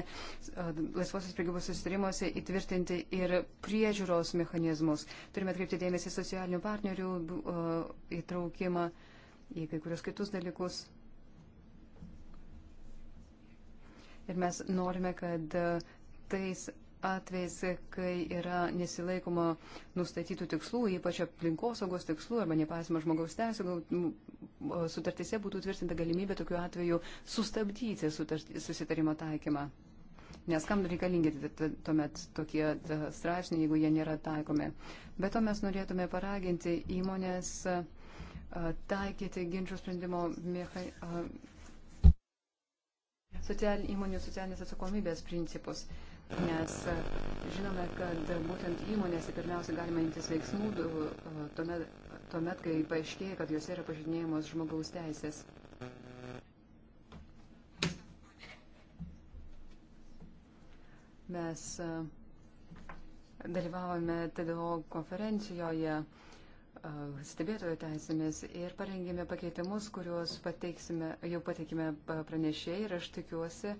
laisvosios priegybos susitarimuose įtvirtinti ir priežiūros mechanizmus. Turime atkreipti dėmesį socialinių partnerių įtraukimą į kai kurios kitus dalykus. Ir mes norime, kad tais atvejais, kai yra nesilaikoma nustatytų tikslų, ypač aplinkosaugos tikslų arba nepasima žmogaus teisų, sutartise būtų tvirtinta galimybė tokiu atveju sustabdyti susitarimo taikymą. Nes kam reikalingi tuomet tokie straipsniai, jeigu jie nėra taikomi. Bet to mes norėtume paraginti įmonės taikyti ginčių sprendimo mecha... social, įmonių socialinės atsakomybės principus nes e, žinome, kad būtent įmonėse pirmiausia galima imtis veiksmų e, tuomet, tuomet kai paaiškėja, kad juose yra pažydinėjamos žmogaus teisės. Mes e, dalyvavome TDO konferencijoje stebėtojo teisėmis ir parengėme pakeitimus, kuriuos pateiksime, jau pateikime pranešėjai ir aš tikiuosi,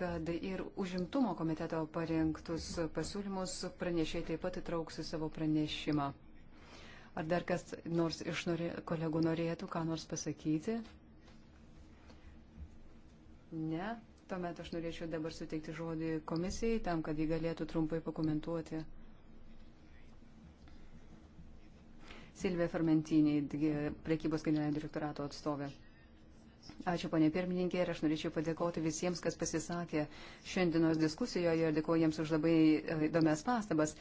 kad ir užimtumo komiteto parengtus pasiūlymus pranešėjai taip pat įtrauksiu savo pranešimą. Ar dar kas nors iš norė, kolegų norėtų ką nors pasakyti? Ne. Tuomet aš norėčiau dabar suteikti žodį komisijai tam, kad jį galėtų trumpai pakomentuoti. Silvė Fermentinė, priekybos generalinio direktorato atstovė. Ačiū, ponė pirmininkė, ir aš norėčiau padėkoti visiems, kas pasisakė šiandienos diskusijoje ir dėkoju jiems už labai e, įdomias pastabas.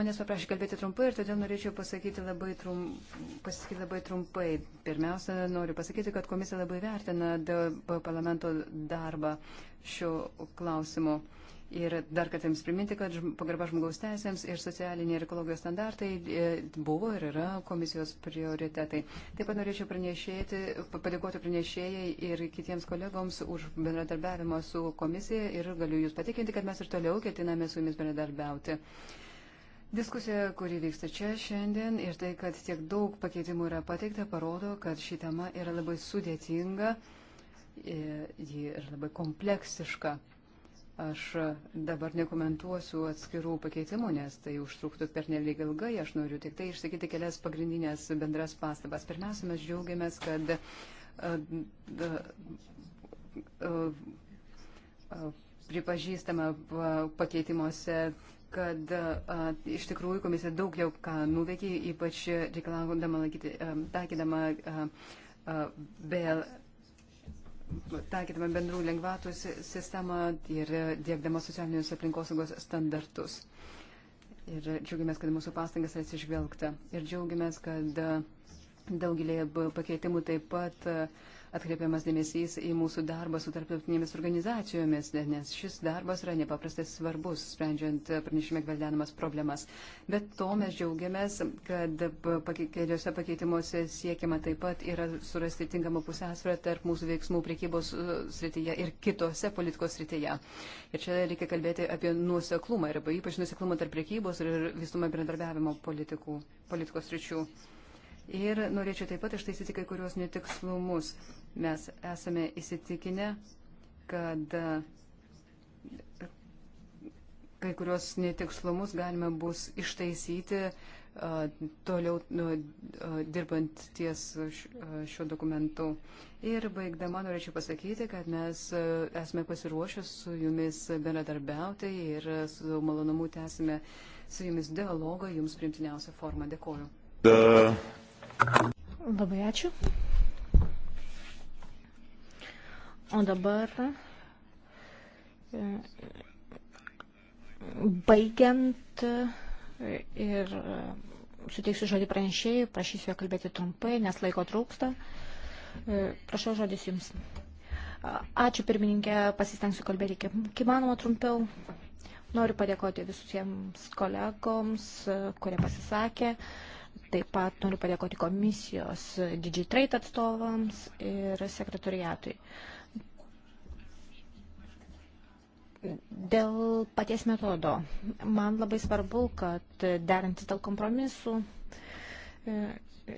Manęs paprašė kalbėti trumpai ir todėl norėčiau pasakyti labai, trum, pasakyti labai trumpai. Pirmiausia, noriu pasakyti, kad komisija labai vertina parlamento darbą šiuo klausimu. Ir dar kartą jums priminti, kad pagarba žmogaus teisėms ir socialiniai ir ekologijos standartai e, buvo ir yra komisijos prioritetai. Taip pat norėčiau padėkoti pranešėjai ir kitiems kolegoms už bendradarbiavimą su komisija ir galiu jūs patikinti, kad mes ir toliau ketiname su jumis bendradarbiauti. Diskusija, kuri vyksta čia šiandien ir tai, kad tiek daug pakeitimų yra pateikta, parodo, kad ši tema yra labai sudėtinga, e, ji yra labai kompleksiška. Aš dabar nekomentuosiu atskirų pakeitimų, nes tai užtruktų per nelik ilgai. Aš noriu tik tai išsakyti kelias pagrindinės bendras pastabas. Pirmiausia, mes džiaugiamės, kad e, e, e, pripažįstama pakeitimuose kad a, iš tikrųjų komisija daug jau ką nuveikė, ypač reikalaudama laikyti, a, taikydama a, a, BL, taikydama bendrų lengvatų sistemą ir dėkdama socialinius aplinkosaugos standartus. Ir džiaugiamės, kad mūsų pastangas atsižvelgta. Ir džiaugiamės, kad daugelį pakeitimų taip pat uh, atkreipiamas dėmesys į mūsų darbą su tarptautinėmis organizacijomis, nes šis darbas yra nepaprastai svarbus, sprendžiant pranešime gvildenamas problemas. Bet to mes džiaugiamės, kad keliose pakeitimuose siekiama taip pat yra surasti tinkamą pusiausvyrą tarp mūsų veiksmų priekybos e, srityje ir kitose politikos srityje. Ir čia reikia kalbėti apie nuoseklumą ir ypač nuoseklumą tarp priekybos ir visumą bendradarbiavimo politikų, politikos sričių. Ir norėčiau taip pat ištaisyti kai kurios netikslumus. Mes esame įsitikinę, kad e, kai kurios netikslumus galima bus ištaisyti e, toliau nu, e, dirbant ties šiuo dokumentu. Ir baigdama norėčiau pasakyti, kad mes esame pasiruošę su jumis bendradarbiauti ir su malonumu tęsime su jumis dialogą jums primtiniausią formą. Dėkoju. Da. Labai ačiū. O dabar e, baigiant ir suteiksiu žodį pranešėjai, prašysiu jo kalbėti trumpai, nes laiko trūksta. E, prašau žodis jums. Ačiū pirmininkė, pasistengsiu kalbėti kiek įmanoma trumpiau. Noriu padėkoti visiems kolegoms, e, kurie pasisakė. Taip pat noriu padėkoti komisijos DigiTrade atstovams ir sekretoriatui. Uh, Dėl paties metodo. Man labai svarbu, kad derantis dėl kompromisų e, e,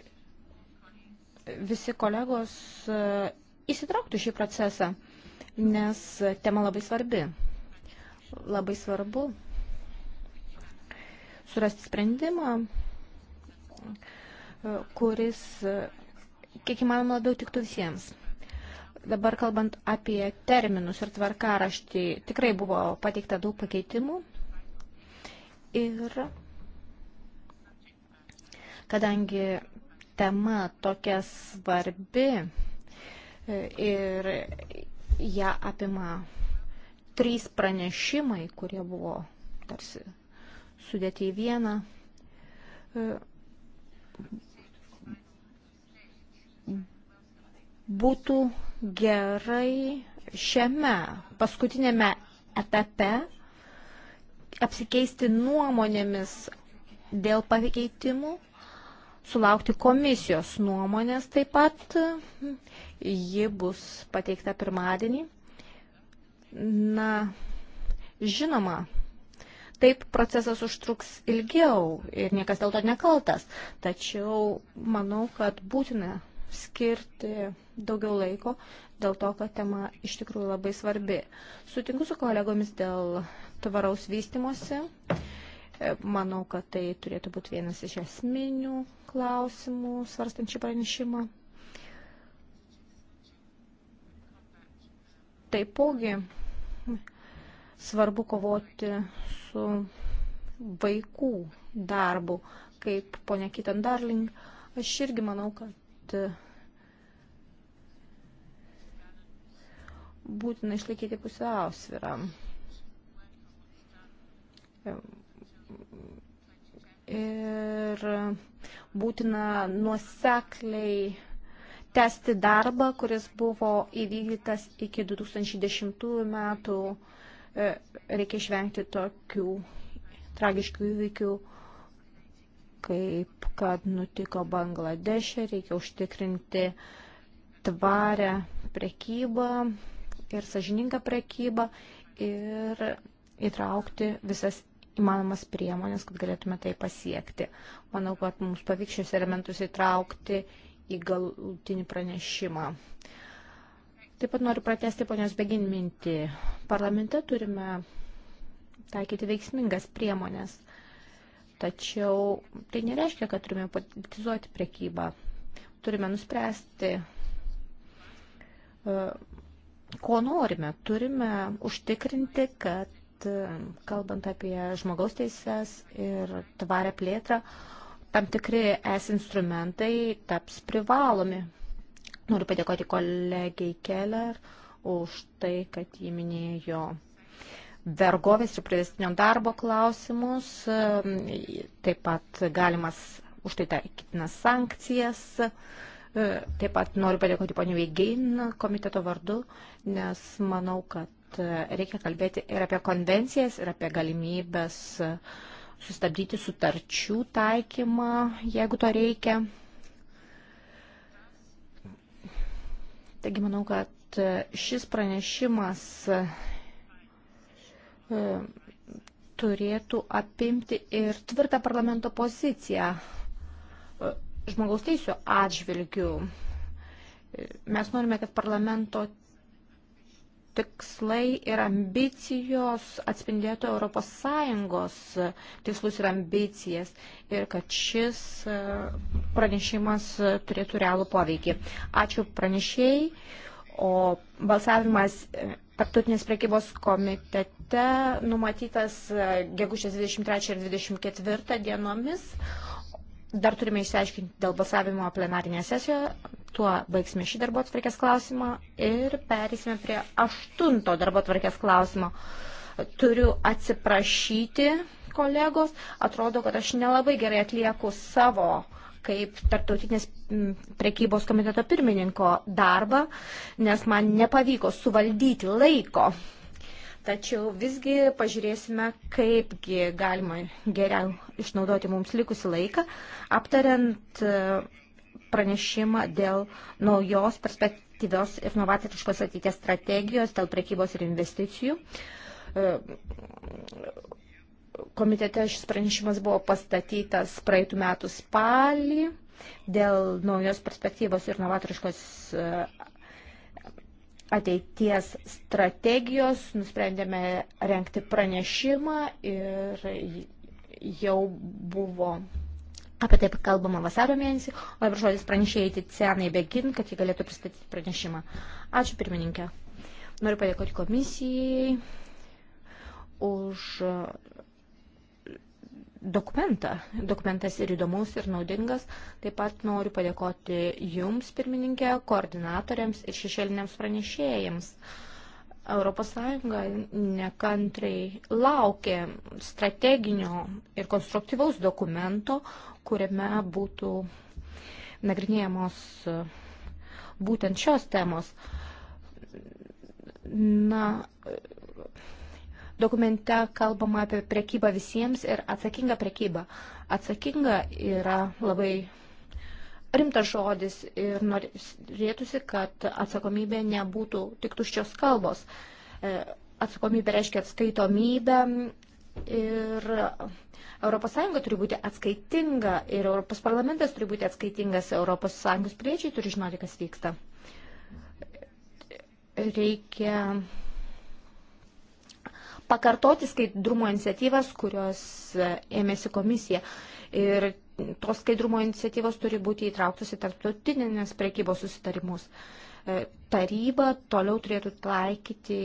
visi kolegos e, įsitrauktų šį procesą, nes tema labai svarbi. Labai svarbu surasti sprendimą, kuris kiek įmanoma labiau tiktų visiems. Dabar kalbant apie terminus ir tvarkaraštį, tikrai buvo pateikta daug pakeitimų. Ir kadangi tema tokia svarbi e, ir ją apima trys pranešimai, kurie buvo tarsi sudėti į vieną, e, būtų gerai šiame paskutinėme etape apsikeisti nuomonėmis dėl pakeitimų, sulaukti komisijos nuomonės taip pat. Ji bus pateikta pirmadienį. Na, žinoma, taip procesas užtruks ilgiau ir niekas dėl to nekaltas. Tačiau manau, kad būtina skirti daugiau laiko, dėl to, kad tema iš tikrųjų labai svarbi. Sutinku su kolegomis dėl tvaraus vystimosi. E, manau, kad tai turėtų būti vienas iš esminių klausimų svarstant šį pranešimą. Taipogi svarbu kovoti su vaikų darbu, kaip ponia Kitan Darling. Aš irgi manau, kad būtina išlaikyti pusiausvyrą. Ir būtina nuosekliai tęsti darbą, kuris buvo įvykdytas iki 2010 metų. Reikia išvengti tokių tragiškų įvykių, kaip kad nutiko Bangladeše. Reikia užtikrinti tvarę prekybą ir sažiningą prekybą ir įtraukti visas įmanomas priemonės, kad galėtume tai pasiekti. Manau, kad mums pavyks šios elementus įtraukti į galutinį pranešimą. Taip pat noriu pratesti ponios Begin mintį. Parlamente turime taikyti veiksmingas priemonės, tačiau tai nereiškia, kad turime politizuoti prekybą. Turime nuspręsti, ko norime. Turime užtikrinti, kad kalbant apie žmogaus teises ir tvarę plėtrą, tam tikri es instrumentai taps privalomi. Noriu padėkoti kolegiai Keller už tai, kad jį minėjo vergovės ir privestinio darbo klausimus, taip pat galimas už tai taikytinas sankcijas. Taip pat noriu padėkoti poniu Vėgein komiteto vardu, nes manau, kad reikia kalbėti ir apie konvencijas, ir apie galimybės sustabdyti sutarčių taikymą, jeigu to reikia. Taigi manau, kad šis pranešimas e, turėtų apimti ir tvirtą parlamento poziciją žmogaus teisų atžvilgių. Mes norime, kad parlamento tikslai ir ambicijos atspindėtų ES tikslus ir ambicijas ir kad šis pranešimas turėtų realų poveikį. Ačiū pranešėjai, o balsavimas Tarptautinės prekybos komitete numatytas gegužės 23 ir 24 dienomis dar turime išsiaiškinti dėl balsavimo plenarinėje sesijoje. Tuo baigsime šį darbo atvarkės klausimą ir perėsime prie aštunto darbo atvarkės klausimo. Turiu atsiprašyti kolegos. Atrodo, kad aš nelabai gerai atlieku savo kaip tarptautinės prekybos komiteto pirmininko darbą, nes man nepavyko suvaldyti laiko Tačiau visgi pažiūrėsime, kaipgi galima geriau išnaudoti mums likusi laiką, aptariant e, pranešimą dėl naujos perspektyvios ir novatoriškos ateities strategijos dėl prekybos ir investicijų. E, komitete šis pranešimas buvo pastatytas praeitų metų spalį dėl naujos perspektyvos ir novatoriškos e, ateities strategijos, nusprendėme renkti pranešimą ir jau buvo apie tai kalbama vasaro mėnesį, o dabar žodis pranešėjai Ticenai Begin, kad jie galėtų pristatyti pranešimą. Ačiū pirmininkė. Noriu padėkoti komisijai už dokumentą. Dokumentas ir įdomus, ir naudingas. Taip pat noriu padėkoti Jums, pirmininkė, koordinatoriams ir šešėliniams pranešėjams. ES nekantriai laukė strateginio ir konstruktyvaus dokumento, kuriame būtų nagrinėjamos būtent šios temos. Na, Dokumente kalbama apie prekybą visiems ir atsakingą prekybą. Atsakinga yra labai rimtas žodis ir norėtųsi, kad atsakomybė nebūtų tik tuščios kalbos. E, atsakomybė reiškia atskaitomybę ir ES turi būti atskaitinga ir ES parlamentas turi būti atskaitingas, ES piliečiai turi žinoti, kas vyksta. Reikia pakartoti skaidrumo iniciatyvas, kurios e, ėmėsi komisija. Ir tos skaidrumo iniciatyvos turi būti įtrauktos į tarptautinės prekybos susitarimus. E, taryba toliau turėtų taikyti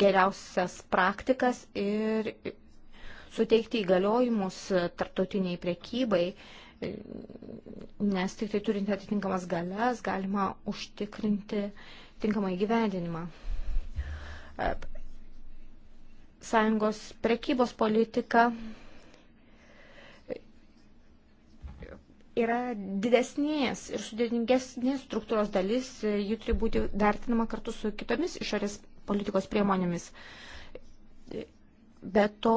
geriausias praktikas ir suteikti įgaliojimus tarptautiniai prekybai, e, nes tik tai turint atitinkamas galias galima užtikrinti tinkamą įgyvendinimą sąjungos prekybos politika yra didesnės ir sudėtingesnės struktūros dalis, jų turi būti vertinama kartu su kitomis išorės politikos priemonėmis. Be to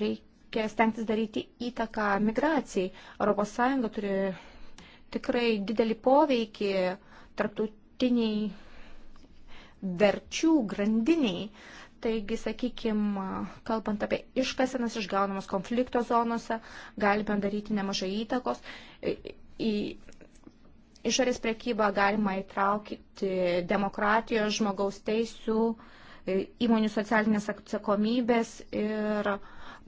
reikia stengtis daryti įtaką migracijai. ES turi tikrai didelį poveikį tarptautiniai verčių grandiniai. Taigi, sakykime, kalbant apie iškasenas išgaunamas konflikto zonose, galime daryti nemažai įtakos. Į išorės priekybą galima įtraukti demokratijos, žmogaus teisų, įmonių socialinės atsakomybės ir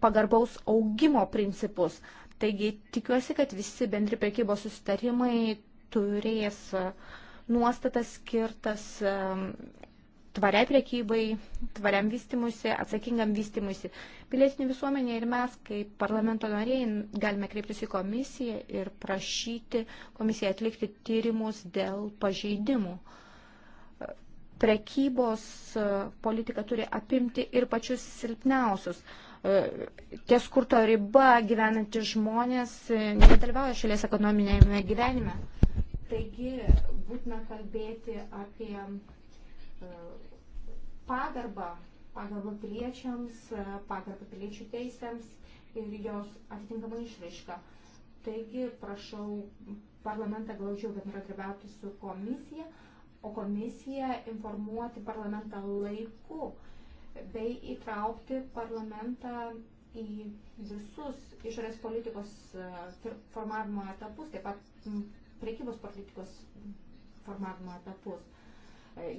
pagarbaus augimo principus. Taigi, tikiuosi, kad visi bendri priekybos susitarimai turės nuostatas skirtas tvariai priekybai, tvariam vystimusi, atsakingam vystimusi. Pilietinė visuomenė ir mes, kaip parlamento nariai, galime kreiptis į komisiją ir prašyti komisiją atlikti tyrimus dėl pažeidimų. Prekybos e, politika turi apimti ir pačius silpniausius. E, ties skurto riba gyvenantys žmonės e, nedalyvauja šalies ekonominėme gyvenime. Taigi būtina kalbėti apie pagarbą, pagarbą piliečiams, pagarbą piliečių teisėms ir jos atitinkamą išraišką. Taigi prašau parlamentą glaudžiau bendradarbiauti su komisija, o komisija informuoti parlamentą laiku bei įtraukti parlamentą į visus išorės politikos e, formavimo etapus, taip pat priekybos politikos formavimo etapus. E,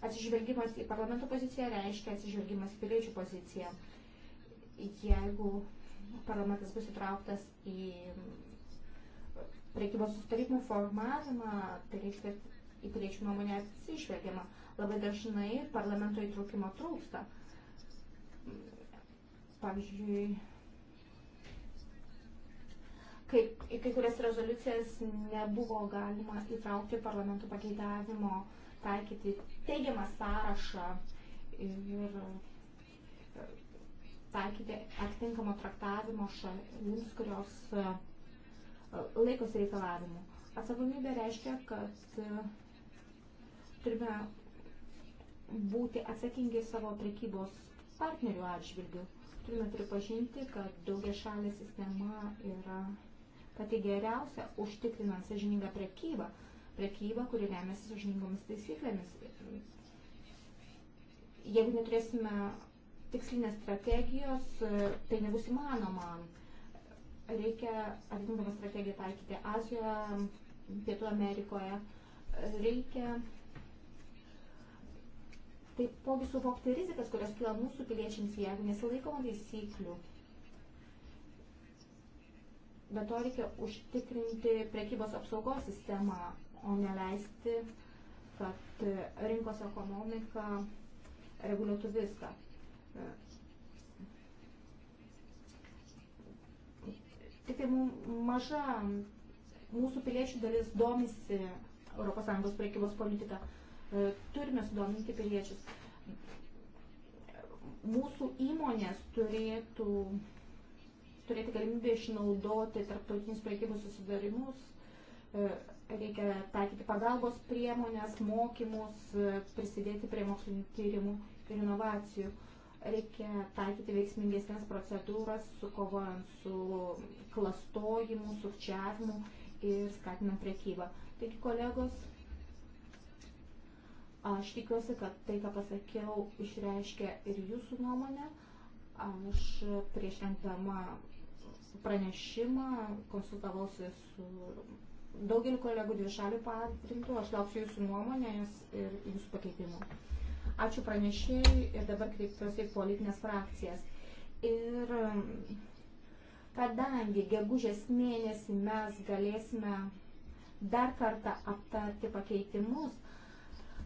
Atsižvelgimas į parlamento poziciją reiškia atsižvelgimas į piliečių poziciją. Jeigu parlamentas bus įtrauktas į priekybos sustarimų formavimą, tai reiškia į piliečių nuomonę atsižvelgiama. Labai dažnai parlamento įtraukimo trūksta. Pavyzdžiui, kai, kai kurias rezoliucijas nebuvo galima įtraukti parlamento pageidavimo uh, taikyti teigiamą sąrašą ir taikyti atitinkamo traktavimo šalims, kurios e, laikosi reikalavimų. Atsakomybė reiškia, kad e, turime būti atsakingi savo prekybos partnerių atžvilgių. Turime pripažinti, kad daugia šalė sistema yra pati geriausia užtikrinant sažiningą prekybą prekybą, kuri remiasi sužiningomis taisyklėmis. Jeigu neturėsime tikslinės strategijos, tai nebus įmanoma. Reikia atitinkamą strategiją taikyti Azijoje, Pietų Amerikoje. Reikia taipogi suvokti rizikas, kurias kyla mūsų piliečiams, jeigu nesilaikoma taisyklių. Be to reikia užtikrinti prekybos apsaugos sistemą, o neleisti, kad e, rinkos ekonomika reguliuotų viską. Tik tai maža mūsų piliečių dalis domisi ES priekybos politika. E, turime sudominti piliečius. Mūsų įmonės turėtų turėti galimybę išnaudoti tarptautinius priekybos susidarimus e, reikia taikyti pagalbos priemonės, mokymus, prisidėti prie mokslinių tyrimų ir inovacijų. Reikia taikyti veiksmingesnės procedūras, sukovojant su klastojimu, sukčiavimu ir skatinant priekybą. Taigi, kolegos, aš tikiuosi, kad tai, ką pasakiau, išreiškia ir jūsų nuomonę. Aš prieš rengdama pranešimą konsultavausi su daugelį kolegų dvišalių pagrindų, aš lauksiu jūsų nuomonės ir jūsų pakeitimų. Ačiū pranešėjai ir dabar kreipsiuosi į politinės frakcijas. Ir um, kadangi gegužės mėnesį mes galėsime dar kartą aptarti pakeitimus,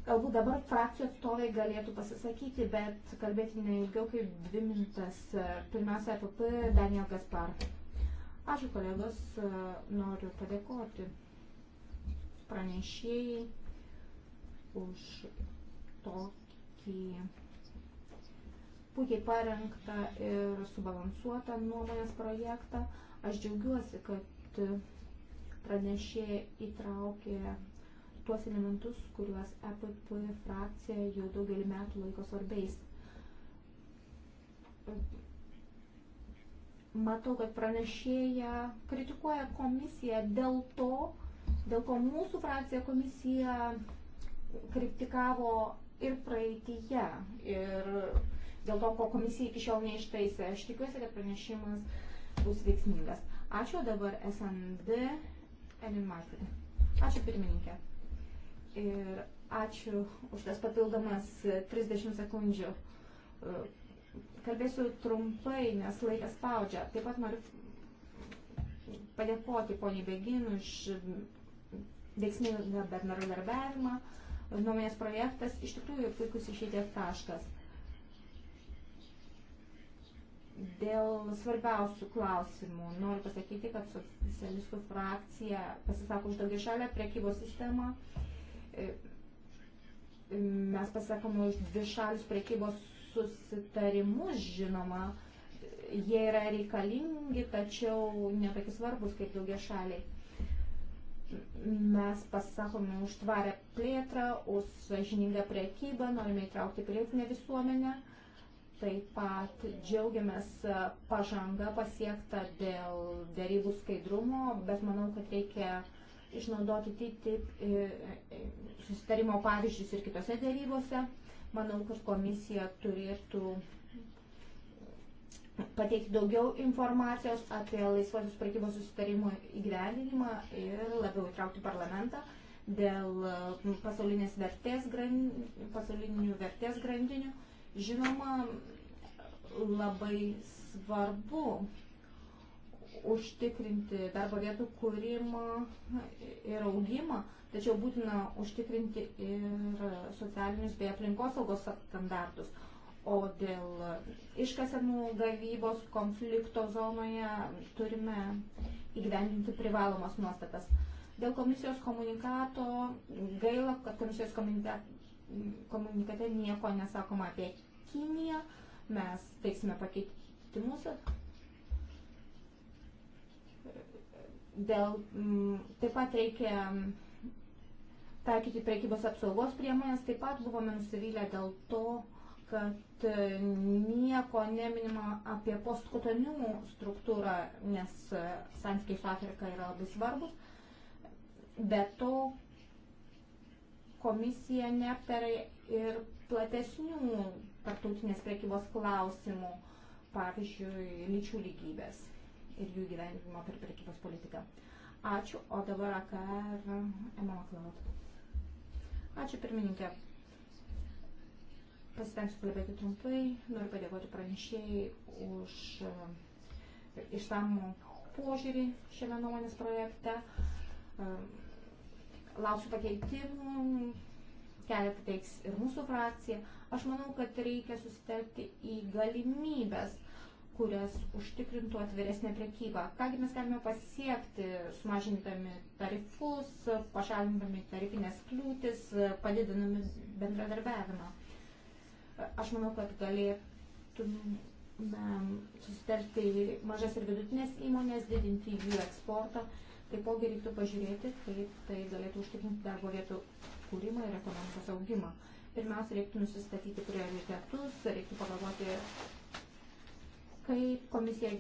galbūt dabar frakcijų atstovai galėtų pasisakyti, bet kalbėti ne ilgiau kaip dvi minutės. Pirmiausia, APP e Daniel Gaspar. Ačiū kolegos, noriu padėkoti pranešėjai už tokį puikiai parengtą ir subalansuotą nuomonės projektą. Aš džiaugiuosi, kad pranešėja įtraukė tuos elementus, kuriuos EPP frakcija jau daugelį metų laiko svarbiais matau, kad pranešėja kritikuoja komisiją dėl to, dėl ko mūsų frakcija komisija kritikavo ir praeitįje. Ir dėl to, ko komisija iki šiol neištaisė. Aš tikiuosi, kad pranešimas bus veiksmingas. Ačiū dabar SND Elin Martin. Ačiū pirmininkė. Ir ačiū už tas papildomas 30 sekundžių Kalbėsiu trumpai, nes laikas spaudžia. Taip pat noriu padėkoti poniai Beginui iš veiksmingą bendradarbiavimą. Nuomonės projektas iš tikrųjų puikus išeities taškas. Dėl svarbiausių klausimų noriu pasakyti, kad socialistų frakcija pasisako už daugia šalia priekybos sistemą. Mes pasisakome už dvi šalius priekybos susitarimus, žinoma, jie yra reikalingi, tačiau netokie svarbus kaip daugia šaliai. Mes pasakome už tvarę plėtrą, už sąžiningą priekybą, norime įtraukti pilietinę visuomenę. Taip pat džiaugiamės pažanga pasiektą dėl dėrybų skaidrumo, bet manau, kad reikia išnaudoti TTIP tai e, e, susitarimo pavyzdžius ir kitose dėrybose. Manau, kad komisija turėtų pateikti daugiau informacijos apie laisvosios prekybos susitarimo įgyvendinimą ir labiau įtraukti parlamentą dėl mm, pasaulinės vertės, pasaulinių vertės grandinių. Žinoma, labai svarbu užtikrinti darbo vietų kūrimą ir augimą, tačiau būtina užtikrinti ir socialinius bei aplinkosaugos standartus. O dėl iškasenų gavybos konflikto zonoje turime įgyvendinti privalomas nuostatas. Dėl komisijos komunikato gaila, kad komisijos komunikate nieko nesakoma apie Kiniją. Mes teiksime pakeitimus Dėl, m, mm, taip pat reikia mm, taikyti priekybos apsaugos priemonės, taip pat buvome nusivylę dėl to, kad e, nieko neminima apie postkotonių struktūrą, nes e, santykiai su Afrika yra labai svarbus. Be to, komisija neaptarė ir platesnių tarptautinės priekybos klausimų, pavyzdžiui, lyčių lygybės ir jų gyvenimo per prekybos politiką. Ačiū, o dabar AKR Emma Klaud. Ačiū pirmininkė. Pasitengsiu kalbėti trumpai. Noriu padėkoti pranešėjai už e, išsamų požiūrį šiame nuomonės projekte. E, lauksiu pakeitimų, keletą teiks ir mūsų frakcija. Aš manau, kad reikia susitelkti į galimybės kurias užtikrintų atviresnė prekyba. Kągi mes galime pasiekti, sumažindami tarifus, pašalindami tarifinės kliūtis, padidinami bendradarbiavimą. Aš manau, kad galėtume susitelkti mažas ir vidutinės įmonės, didinti jų eksportą. Taipogi reiktų pažiūrėti, kaip tai galėtų užtikrinti darbo vietų kūrimą ir ekonomikos augimą. Pirmiausia, reiktų nusistatyti prioritetus, reiktų pagalvoti kaip komisija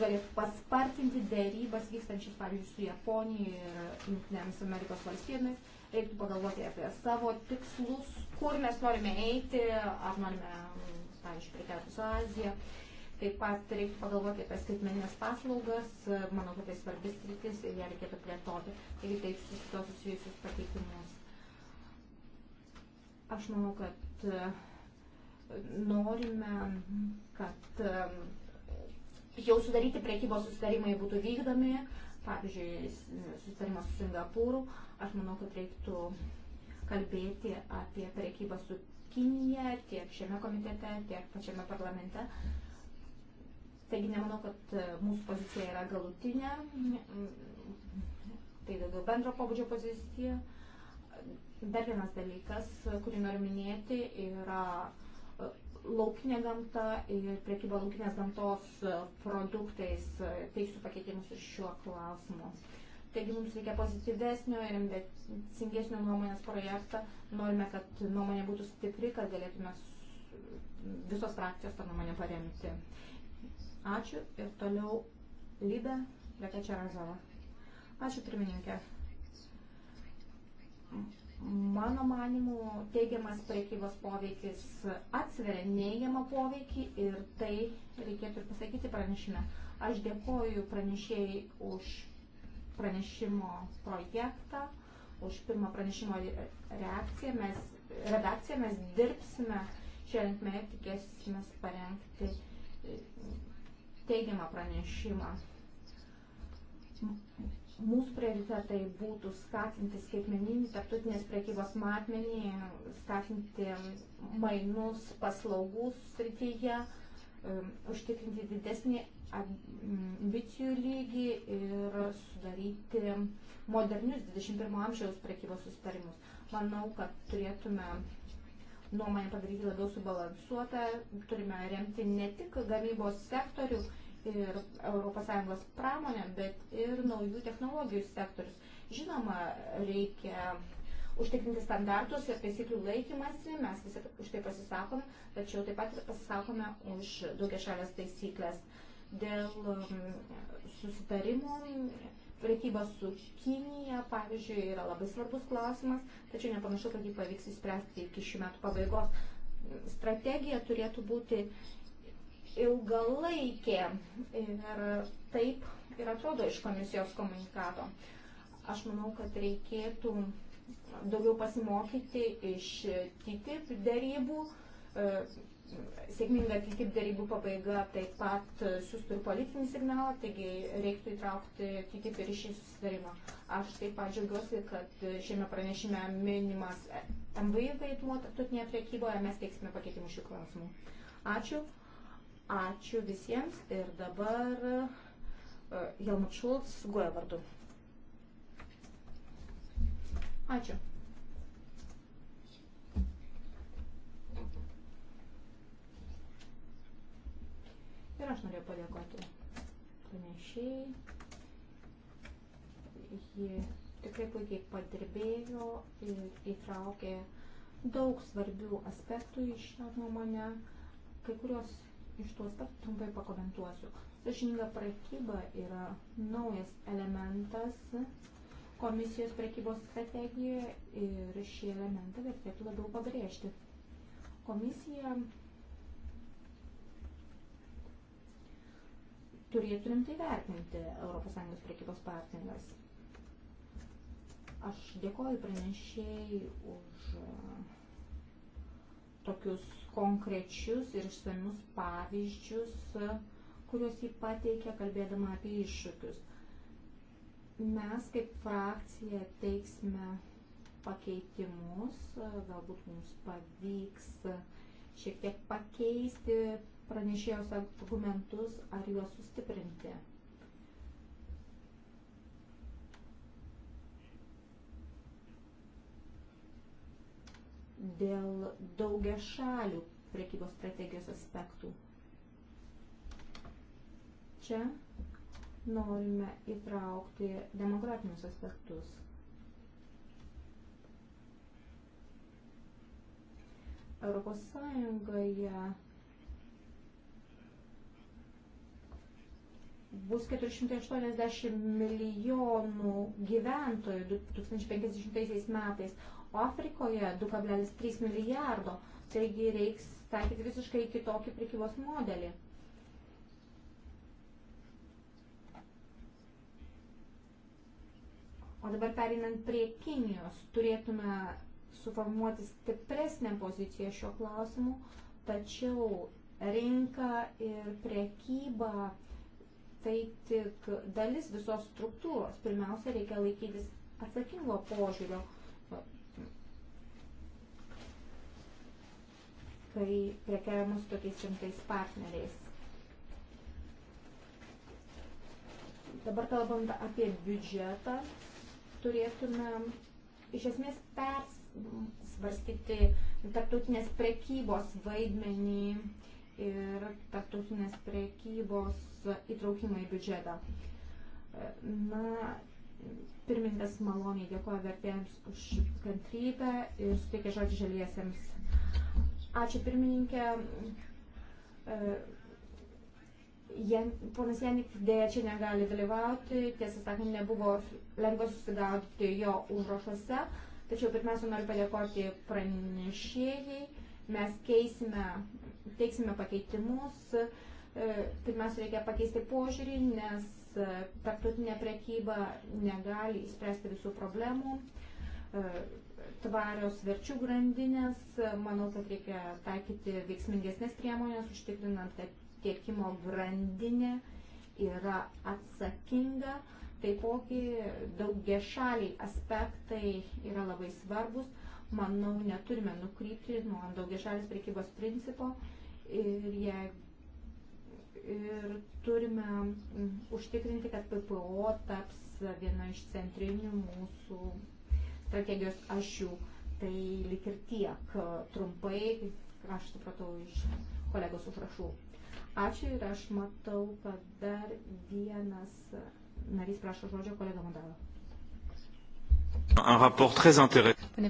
galėtų paspartinti dėrybas vykstančias, pavyzdžiui, su Japonija ir Junktinėmis Amerikos valstybėmis. Reiktų pagalvoti apie savo tikslus, kur mes norime eiti, ar norime, pavyzdžiui, prekiauti su Azija. Taip pat reikia pagalvoti apie skaitmeninės paslaugas, manau, kad tai svarbis rytis ir ją reikėtų plėtoti. Taigi taip su to susijusius pakeitimus. Aš manau, kad norime, kad jau sudaryti priekybos susitarimai būtų vykdomi, pavyzdžiui, susitarimas su Singapūru, aš manau, kad reiktų kalbėti apie priekybą su Kinija tiek šiame komitete, tiek pačiame parlamente. Taigi nemanau, kad e, mūsų pozicija yra galutinė, tai daugiau bendro pobūdžio pozicija. Dar vienas dalykas, kurį noriu minėti, yra laukinė gamta ir priekyba laukinės gamtos e, produktais e, teiksiu pakeitimus ir šiuo klausimu. Taigi mums reikia pozityvesnio ir ambicingesnio nuomonės projektą. Norime, kad nuomonė būtų stipri, kad galėtume visos frakcijos tą nuomonę paremti. Ačiū ir toliau Lyda Lekečia Razova. Ačiū pirmininkė Mano manimu, teigiamas prekybos poveikis atsveria neigiamą poveikį ir tai reikėtų ir pasakyti pranešime. Aš dėkoju pranešėjai už pranešimo projektą, už pirmą pranešimo reakciją. Mes, redakciją mes dirbsime šią linkmę ir tikėsime parengti e, teigiamą pranešimą mūsų prioritetai būtų skatinti skaitmeninį tarptautinės prekybos matmenį, skatinti mainus paslaugų srityje, um, užtikrinti didesnį ambicijų lygį ir sudaryti modernius 21 amžiaus prekybos sustarimus. Manau, kad turėtume nuomonę padaryti labiau subalansuotą, turime remti ne tik gamybos sektorių, ir ES pramonę, bet ir naujų technologijų sektorius. Žinoma, reikia užtikrinti standartus ir taisyklių laikymasi, mes visi už tai pasisakom, tačiau taip pat pasisakome už daugia šalės taisyklės. Dėl um, susitarimų prekyba su Kinija, pavyzdžiui, yra labai svarbus klausimas, tačiau nepanašu, kad jį pavyks įspręsti iki šių metų pabaigos strategija turėtų būti ilgalaikė ir taip ir atrodo iš komisijos komunikato. Aš manau, kad reikėtų daugiau pasimokyti iš TTIP dėrybų. E, sėkminga TTIP dėrybų pabaiga taip pat siūstų ir politinį signalą, taigi reiktų įtraukti TTIP ir šį susitarimą. Aš taip pat džiaugiuosi, kad šiame pranešime minimas MVI vaidmuo tarptautinėje priekyboje, mes teiksime pakeitimų šių klausimų. Ačiū. Ačiū visiems ir dabar e, Helmut Schulz, Guoja vardu. Ačiū. Ir aš norėjau padėkoti pranešėjai. Ji tikrai puikiai padirbėjo ir įtraukė daug svarbių aspektų į šią nuomonę. Kai kurios iš tuos pat trumpai pakomentuosiu. Sažininga prekyba yra naujas elementas komisijos prekybos strategijoje ir šį elementą vertėtų labiau pabrėžti. Komisija turėtų rimtai vertinti ES prekybos partneres. Aš dėkoju pranešėjai už uh, tokius konkrečius ir išsamius pavyzdžius, kuriuos jį pateikė, kalbėdama apie iššūkius. Mes kaip frakcija teiksime pakeitimus, galbūt mums pavyks šiek tiek pakeisti pranešėjos argumentus ar juos sustiprinti. dėl daugia šalių priekybos strategijos aspektų. Čia norime įtraukti demografinius aspektus. Europos Sąjungoje bus 480 milijonų gyventojų 2050 metais, o Afrikoje 2,3 milijardo. Taigi reiks taikyti visiškai kitokį prekybos modelį. O dabar perinant prie Kinijos, turėtume suformuoti stipresnę poziciją šio klausimu, tačiau rinka ir prekyba tai tik dalis visos struktūros. Pirmiausia, reikia laikytis atsakingo požiūrio, kai prekiavimus tokiais rimtais partneriais. Dabar kalbant apie biudžetą, turėtume iš esmės persvarstyti tarptautinės prekybos vaidmenį ir tarptautinės prekybos įtraukimą į biudžetą. Na, pirmininkas maloniai dėkoja vertėjams už kantrybę ir suteikia žodžių žaliesiems. Ačiū pirmininkė. E, Jan, ponas Janik dėja čia negali dalyvauti, tiesą sakant, nebuvo lengva susigauti jo užrašuose, tačiau pirmiausia noriu padėkoti pranešėjai, mes keisime, teiksime pakeitimus, e, pirmiausia reikia pakeisti požiūrį, nes e, tarptautinė prekyba negali įspręsti visų problemų, tvarios verčių grandinės. Manau, kad reikia taikyti veiksmingesnės priemonės, užtikrinant, kad tiekimo grandinė yra atsakinga. Taipogi daugie šaliai aspektai yra labai svarbus. Manau, neturime nukrypti nuo daugie šalės prekybos principo ir, jie, ir turime užtikrinti, kad PPO taps viena iš centrinių mūsų strategijos ašių. Tai lik ir tiek trumpai, aš supratau iš kolegos užrašų. Ačiū ir aš matau, kad dar vienas narys prašo žodžio, kolega Madaro. Pane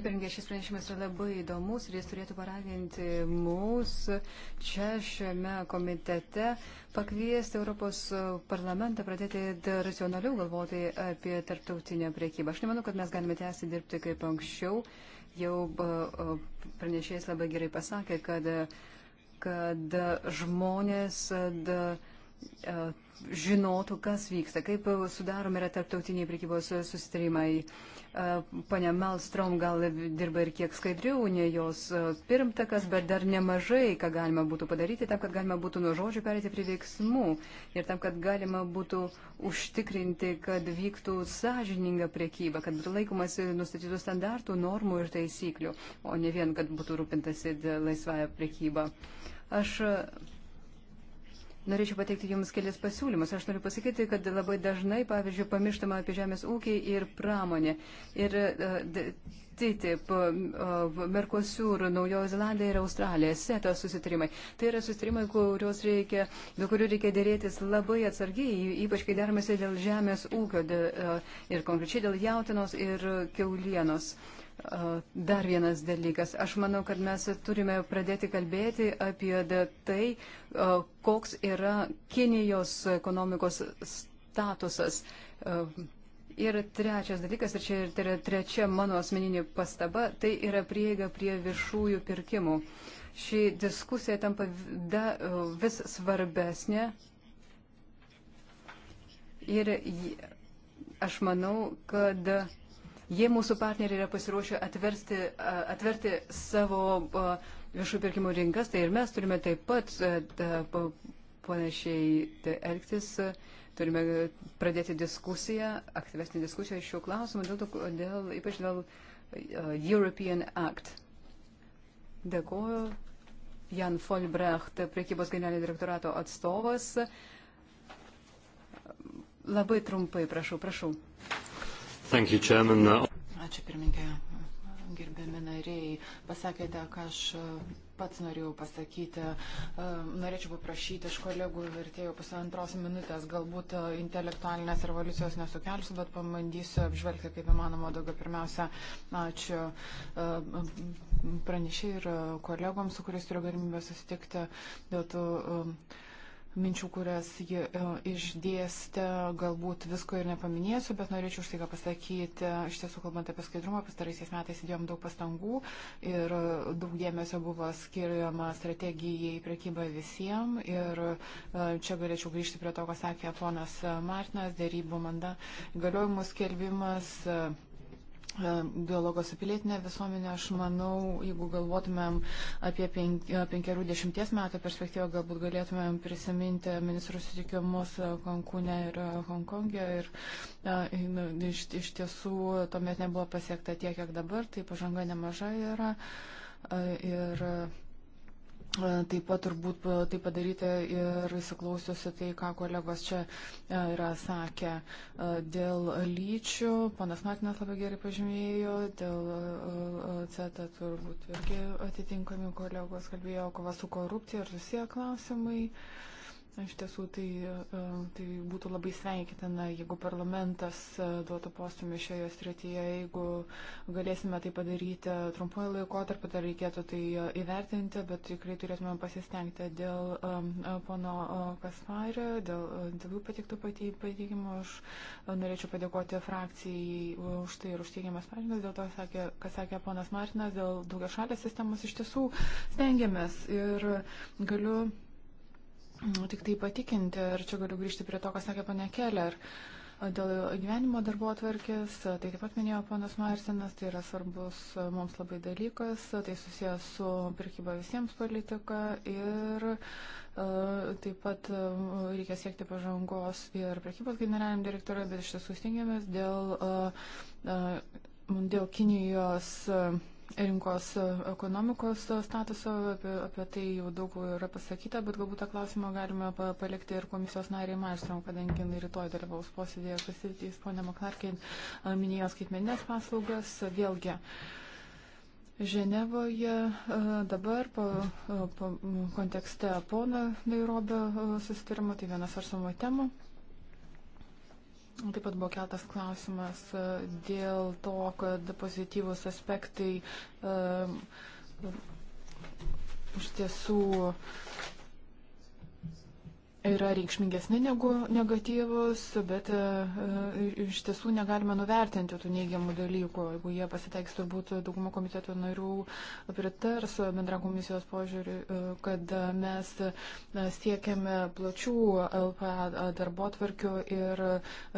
Pirinkė, šis pranešimas yra labai įdomus ir jis turėtų paraginti mus čia šiame komitete pakviesti Europos parlamentą pradėti racionaliau galvoti apie tarptautinę priekybą. Aš nemanau, kad mes galime tęsti dirbti kaip anksčiau. Jau pranešėjas labai gerai pasakė, kad, kad žmonės. Da, žinotų, kas vyksta, kaip sudaromi yra tarptautiniai prekybos susitarimai. Uh, Pane Melstrom gal dirba ir kiek skaidriau, ne jos pirmtakas, bet dar nemažai, ką galima būtų padaryti, tam, kad galima būtų nuo žodžių perėti prie veiksmų ir tam, kad galima būtų užtikrinti, kad vyktų sąžininga priekyba, kad būtų laikomasi nustatytų standartų, normų ir taisyklių, o ne vien, kad būtų rūpintasi laisvąją priekybą. Aš Norėčiau pateikti Jums kelias pasiūlymus. Aš noriu pasakyti, kad labai dažnai, pavyzdžiui, pamirštama apie žemės ūkį ir pramonę. Ir e, TTIP, e, Mercosur, Naujojo Zelandija ir Australija, SETO susitarimai. Tai yra susitarimai, reikia, dėl kurių reikia dėrėtis labai atsargiai, ypač kai deramasi dėl žemės ūkio dėl, e, ir konkrečiai dėl jautinos ir keulienos. Uh, Dar vienas dalykas. Aš manau, kad mes turime pradėti kalbėti apie tai, koks yra Kinijos ekonomikos statusas. Ir trečias dalykas, ir čia tai yra trečia mano asmeninė pastaba, tai yra prieiga prie viršųjų pirkimų. Ši diskusija tampa da, vis svarbesnė. Ir aš manau, kad Jie mūsų partneriai yra pasiruošę atversti, atverti savo viešų pirkimų rinkas, tai ir mes turime taip pat panašiai elgtis. Turime pradėti diskusiją, aktyvesnį diskusiją šiuo klausimu, dėl, dėl, ypač dėl European Act. Dėkuoju. Jan Folbrecht, priekybos generalinio direktorato atstovas. Labai trumpai, prašau, prašau. Thank you, Chairman. Ačiū pirmininkė, gerbiami nariai. Pasakėte, ką aš e, pats norėjau pasakyti. E, norėčiau paprašyti iš kolegų vertėjų pusantros minutės, galbūt e, intelektualinės revoliucijos nesukelsiu, bet pabandysiu apžvelgti kaip įmanoma daugiau. Pirmiausia, ačiū pranešiai ir kolegoms, su kuriais turiu galimybę susitikti dėl tų. Um, minčių, kurias ji e, išdėstė, galbūt visko ir nepaminėsiu, bet norėčiau štai ką pasakyti. Iš tiesų, kalbant apie skaidrumą, pastaraisiais metais įdėjom daug pastangų ir daug dėmesio buvo skiriama strategijai priekyba visiems. Ir e, čia galėčiau grįžti prie to, ką sakė ponas Martinas, dėrybų manda, galiojimų skelbimas E, dialogo su pilietinė visuomenė, aš manau, jeigu galvotumėm apie penk, e, penkerių dešimties metų perspektyvą, galbūt galėtumėm prisiminti ministrų sutikimus e, Konkūne ir Hongkongė. Ir na, nu, iš, iš tiesų tuomet nebuvo pasiekta tiek, kiek dabar, tai pažanga nemaža yra. Ir E, taip pat turbūt tai padaryti ir įsiklausiusi tai, ką kolegos čia e, yra sakę. E, dėl lyčių, ponas Matinas labai gerai pažymėjo, dėl CETA turbūt irgi atitinkami kolegos kalbėjo kova su korupcija ir susiję klausimai. Uh, Iš tiesų, tai, e, tai būtų labai sveikitina, jeigu parlamentas e, duotų postumį šioje srityje, jeigu galėsime tai padaryti trumpuoju laikotarpiu, tai reikėtų tai e, įvertinti, bet tikrai turėtume pasistengti dėl pono Kasmario, dėl, dėl jų patiktų pateikimų. Aš norėčiau padėkoti frakcijai už tai ir už teigiamas pažymas, dėl to, sakė, kas sakė ponas Martinas, dėl daugia šalės sistemos iš tiesų stengiamės ir galiu Mm, tik tai patikinti, ir čia galiu grįžti prie to, ką sakė ponė Keller. Dėl gyvenimo darbo atvarkės, tai taip pat minėjo ponas Marsinas, tai yra svarbus e, mums labai dalykas, tai susijęs su prekyba visiems politika ir e, taip pat e, reikia siekti pažangos ir prekybos generaliniam direktoriui, bet iš tiesų stengiamės dėl, dėl Kinijos. Uh, rinkos e, ekonomikos statuso, apie, apie tai jau daug yra pasakyta, bet galbūt tą klausimą galime palikti ir komisijos nariai Marstrom, kadangi jinai rytoj dalyvaus posėdėje, pasitys ponė Maknarkin e, minėjo skaitmeninės paslaugas. Vėlgi, Ženevoje e, dabar po, po kontekste pono Nairobio susitarimo, tai vienas ar sumo temų. Taip pat buvo keltas klausimas e, dėl to, kad pozityvus aspektai e, iš tiesų yra reikšmingesni negu negatyvus, bet e, e, iš tiesų negalime nuvertinti tų neigiamų dalykų. Jeigu jie pasiteiks, turbūt daugumo komiteto narių pritars bendra komisijos požiūriu, e, kad mes siekiame plačių LPA darbo tvarkių ir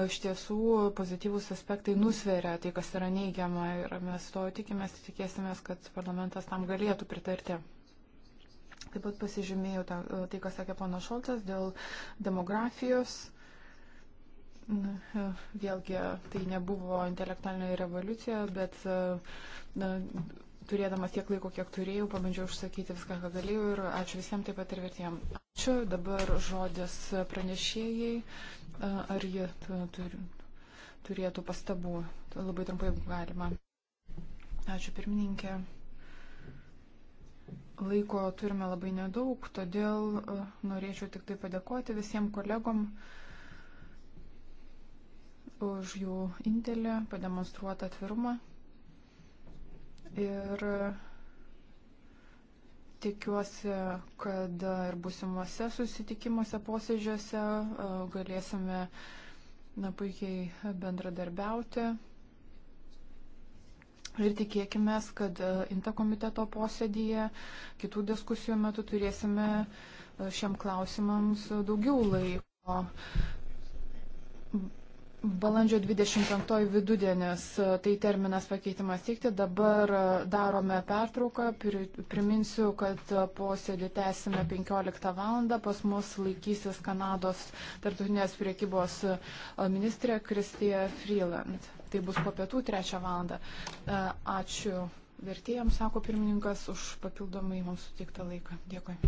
iš tiesų pozityvus aspektai nusveria tai, kas yra neigiama ir mes to tikimės, tikėsimės, kad parlamentas tam galėtų pritarti. Taip pat pasižymėjau ta, e, tai, ką sakė pana Šoltas dėl demografijos. E, vėlgi, tai nebuvo intelektualinė revoliucija, bet e, na, turėdamas tiek laiko, kiek turėjau, pabandžiau užsakyti viską, ką galėjau ir ačiū visiems taip pat ir vertėjom. Ačiū, dabar žodis pranešėjai, ar jie turėtų pastabų, labai trumpai galima. Ačiū pirmininkė. Laiko turime labai nedaug, todėl e, norėčiau tik tai padėkoti visiems kolegom už jų indėlį, pademonstruotą atvirumą. Ir e, tikiuosi, kad ir busimuose susitikimuose, posėdžiuose e, galėsime na, puikiai bendradarbiauti. Ir tikėkime, kad e, INTA komiteto posėdėje kitų diskusijų metu turėsime e, šiam klausimams daugiau laiko. Balandžio 25 vidudienis e, tai terminas pakeitimas teikti. Dabar darome pertrauką. Priminsiu, kad posėdį tęsime 15 val. Pas mus laikysis Kanados tartutinės priekybos ministrė Kristija Freeland tai bus po pietų trečią valandą. E, ačiū vertėjams, sako pirmininkas, už papildomai mums suteiktą laiką. Dėkui.